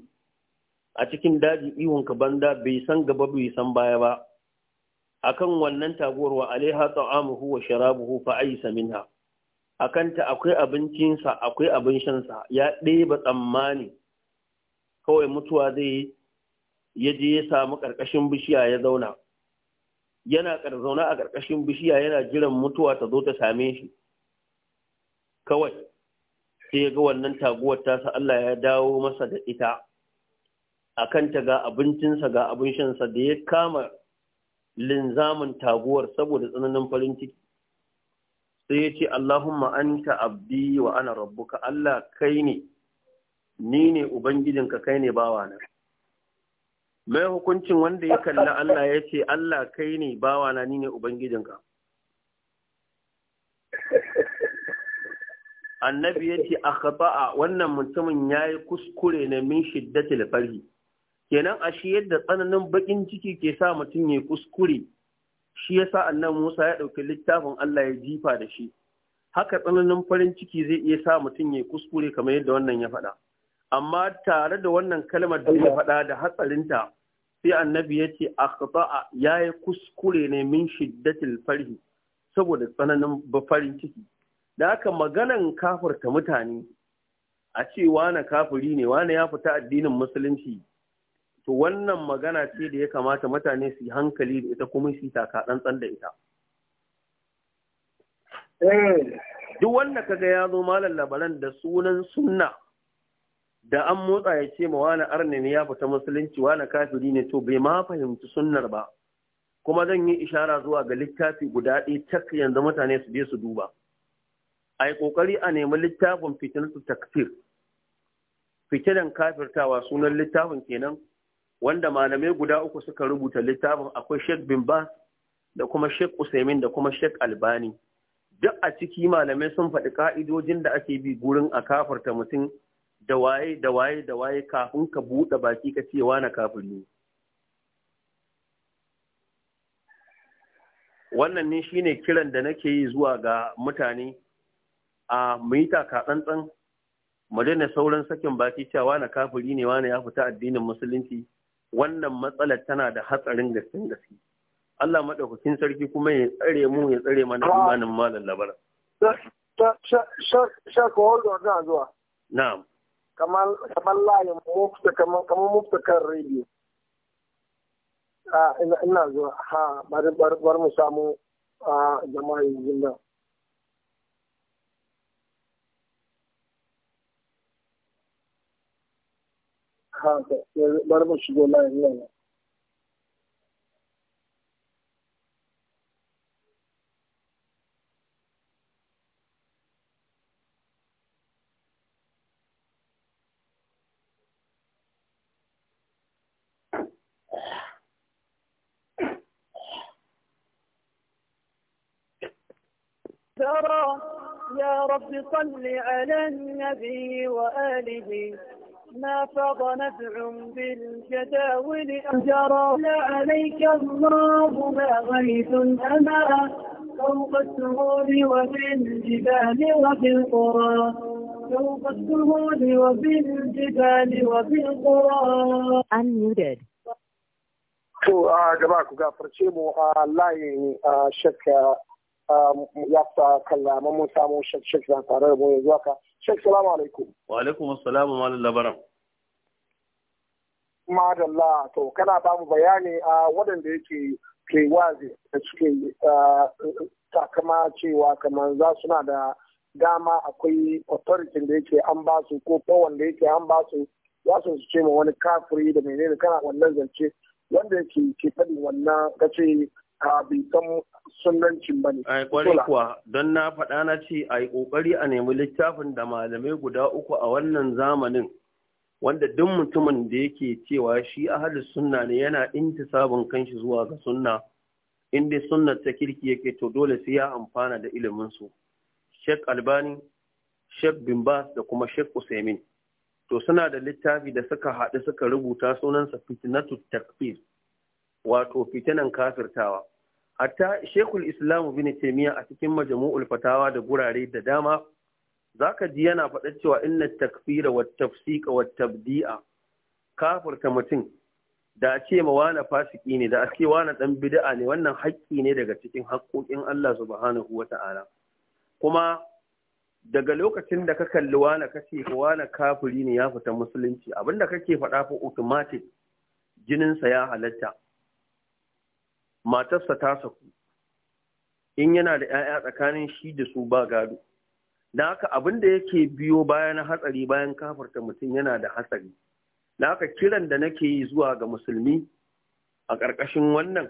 a cikin dajin ihun ka banza bai san gaba bai san baya ba akan wannan taguwar wa alaiha ta'amuhu wa sharabuhu fa aysa minha akanta akwai abincinsa akwai abin shansa ya ɗeba tsammani kawai mutuwa zai yi ya je ya samu ƙarƙashin bishiya ya zauna yana zaune a ƙarƙashin bishiya yana jiran mutuwa ta zo ta same shi kawai sai ya ga wannan taguwar tasa Allah ya dawo masa da ita a kanta ga abincinsa ga abin shansa da ya kama linzamin taguwar saboda tsananin farin ciki sai ya ce Allahumma anta abdi wa ana rabbuka Allah kai ne ni ne ubangijinka kai ne bawa na mai hukuncin wanda ya kalli Allah ya ce Allah kai ne bawa na ni ne ubangijinka annabi ya ce a wannan mutumin ya yi kuskure na min shiddatil farhi kenan a shi yadda tsananin bakin ciki ke sa mutum ya kuskure shi ya sa annan Musa ya ɗauki littafin Allah ya jifa da shi haka tsananin farin ciki zai iya sa mutum ya kuskure kamar yadda wannan ya faɗa amma tare da wannan kalmar da ya faɗa da hatsarinta sai annabi ya ce ya yi kuskure ne min shiddatil farhi saboda tsananin farin ciki da haka maganan kafurta mutane a ce wane kafiri ne wane ya fita addinin musulunci to wannan magana ce da ya kamata mutane su yi hankali da ita kuma su yi taka tsantsan da ita eh. duk wanda kaga ya zo malam labaran da sunan sunna da an motsa ya ce ma wani arne ne ya fita musulunci wani kafiri ne to bai ma fahimci sunnar ba kuma zan yi ishara zuwa ga littafi guda ɗaya tak yanzu mutane su je su duba a yi ƙoƙari a nemi littafin fitinatu takfir fitinan kafirtawa sunan littafin kenan wanda malamai guda uku suka rubuta littafin akwai sheikh bin ba da kuma sheikh usaimin da kuma shek albani duk a ciki malamai sun faɗi ka'idojin da ake bi gurin a kafirta mutum da waye da waye da waye kafin ka buɗe baki ka ce wani kafin ne wannan ne shine kiran da nake yi zuwa ga mutane a mita ka tsantsan mu daina sauran sakin baki cewa wani kafiri ne wani ya fita addinin musulunci wannan matsalar tana da hatsarin gaskin gaske Allah maɗaukakin sarki kuma ya tsare mu ya tsare mana imanin malam Sha Shaka hold on na zuwa. Na'am. kamar layin mufta kamar mufta kan rediyo ah, a ina zuwa ha bari bari mu samu a jama'a nan ha bari mu shigo layin nan الكبرى يا رب صل على النبي وآله ما فض نفع بالجداول أجرى لا عليك الله ما غيث أما فوق السهول وفي الجبال وفي القرى فوق السهول وفي الجبال وفي القرى Unmuted. To, uh, jama'a ku gafarce mu a Um, ya sa kallama mun samu shek shek zan tare da mu yanzu haka shek salamu alaikum wa alaikum assalamu malam labaran madalla to kana ba mu bayani a waɗanda yake ke waje da suke takama cewa kamar za su na da dama akwai authority da yake an ba su ko kowanne da yake an ba su za su ce ma wani kafiri da menene kana wannan zance wanda yake ke faɗi wannan kace a bai san sunancin ba ne. yi kwarai kuwa don na faɗa na ce a yi ƙoƙari a nemi littafin da malamai guda uku a wannan zamanin wanda duk mutumin da yake cewa shi ahadu sunna ne yana sabon kanshi zuwa ga sunna inda dai ta kirki yake to dole sai ya amfana da ilimin su Sheikh Albani Sheikh Bin da kuma Sheikh Usaimin to suna da littafi da suka haɗu suka rubuta sunansa fitnatut takfir wato fitinan kafirtawa hatta shekul islamu bin taimiyya a cikin majmu'ul fatawa da gurare da dama zaka ji yana faɗa cewa inna takfira wa tafsiqa wa tabdi'a kafirta mutum da a ce ma wani fasiki ne da a ce wani dan bid'a ne wannan haƙƙi ne daga cikin haƙƙoƙin Allah subhanahu wata'ala kuma daga lokacin da ka kalli wani kace wani kafiri ne ya fita musulunci abinda kake faɗa fa automatic jininsa ya halatta matarsa ta saku in yana da 'ya'ya tsakanin shi da su ba gado da haka abin da yake biyo bayan hatsari bayan kafarta mutum yana da hatsari da haka kiran da nake yi zuwa ga musulmi a ƙarƙashin wannan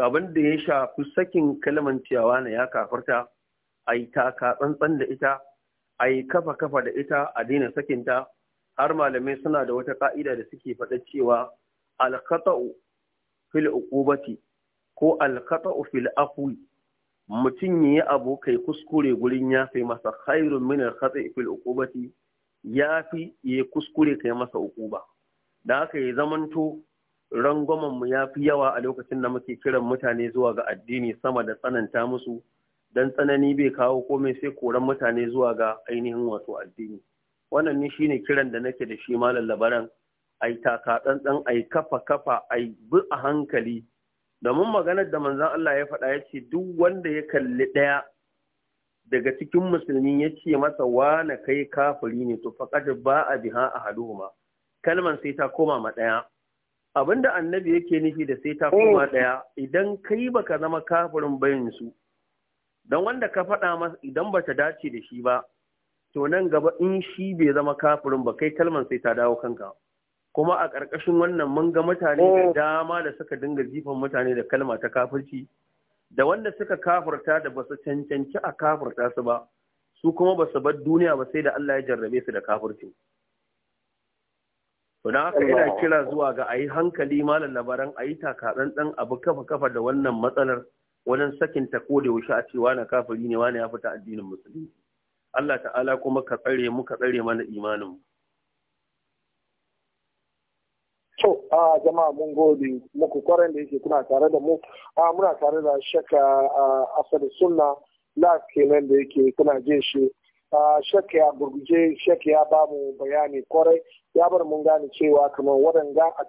abin da ya shafi sakin kalman ciyawa na ya kafarta a yi taka tsantsan da ita a yi kafa kafa da ita a daina sakinta har malamai suna da wata ƙa'ida da suke faɗa cewa alkata'u fil uqubati ko alkata'u fil afwi mutum yayi abu kai kuskure gurin fi masa khairun min alkhata'i fil uqubati fi ya kuskure kai masa uquba da haka ya zamanto rangwamen mu fi yawa a lokacin da muke kiran mutane zuwa ga addini sama da tsananta musu dan tsanani bai kawo komai sai koran mutane zuwa ga ainihin wato addini wannan ne shine kiran da nake da shi malam labaran ai taka tsantsan ai kafa kafa ai bi a hankali mun maganar da manzan Allah ya faɗa ya ce duk wanda ya kalli ɗaya daga cikin musulmi ya ce masa wane kai kafiri ne to faƙad ba a biha a haduhuma kalman sai ta koma ma ɗaya abinda annabi yake nufi da sai ta koma oh. ɗaya idan kai baka zama kafirin bayan su don wanda ka faɗa masa idan ba ta dace da shi ba to nan gaba in shi bai zama kafirin ba kai kalman sai ta dawo kanka kuma a ƙarƙashin wannan mun ga mutane da oh. dama da suka dinga jifan mutane da kalma ta kafirci da wanda suka kafirta da basu cancanci a kafirta su ba su kuma basu bar duniya ba sai da Allah ya jarrabe su da kafirci to dan haka ina kira zuwa ga ayi hankali malam labaran ayi taka dan abu kafa kafa da wannan matsalar wajen sakin ta ko da yaushe a cewa na kafiri ne wani ya fita addinin musulunci Allah ta'ala kuma ka tsare mu ka tsare mana imanin mu To, a jama'a mun gode muku kwarai da yake kuna tare da mu, a muna tare da shaka asali sunna last kenan da yake kuna je shi. Shaka ya burguje, shaka ya ba mu bayani kwarai, ya bar mun gane cewa kamar waɗanda a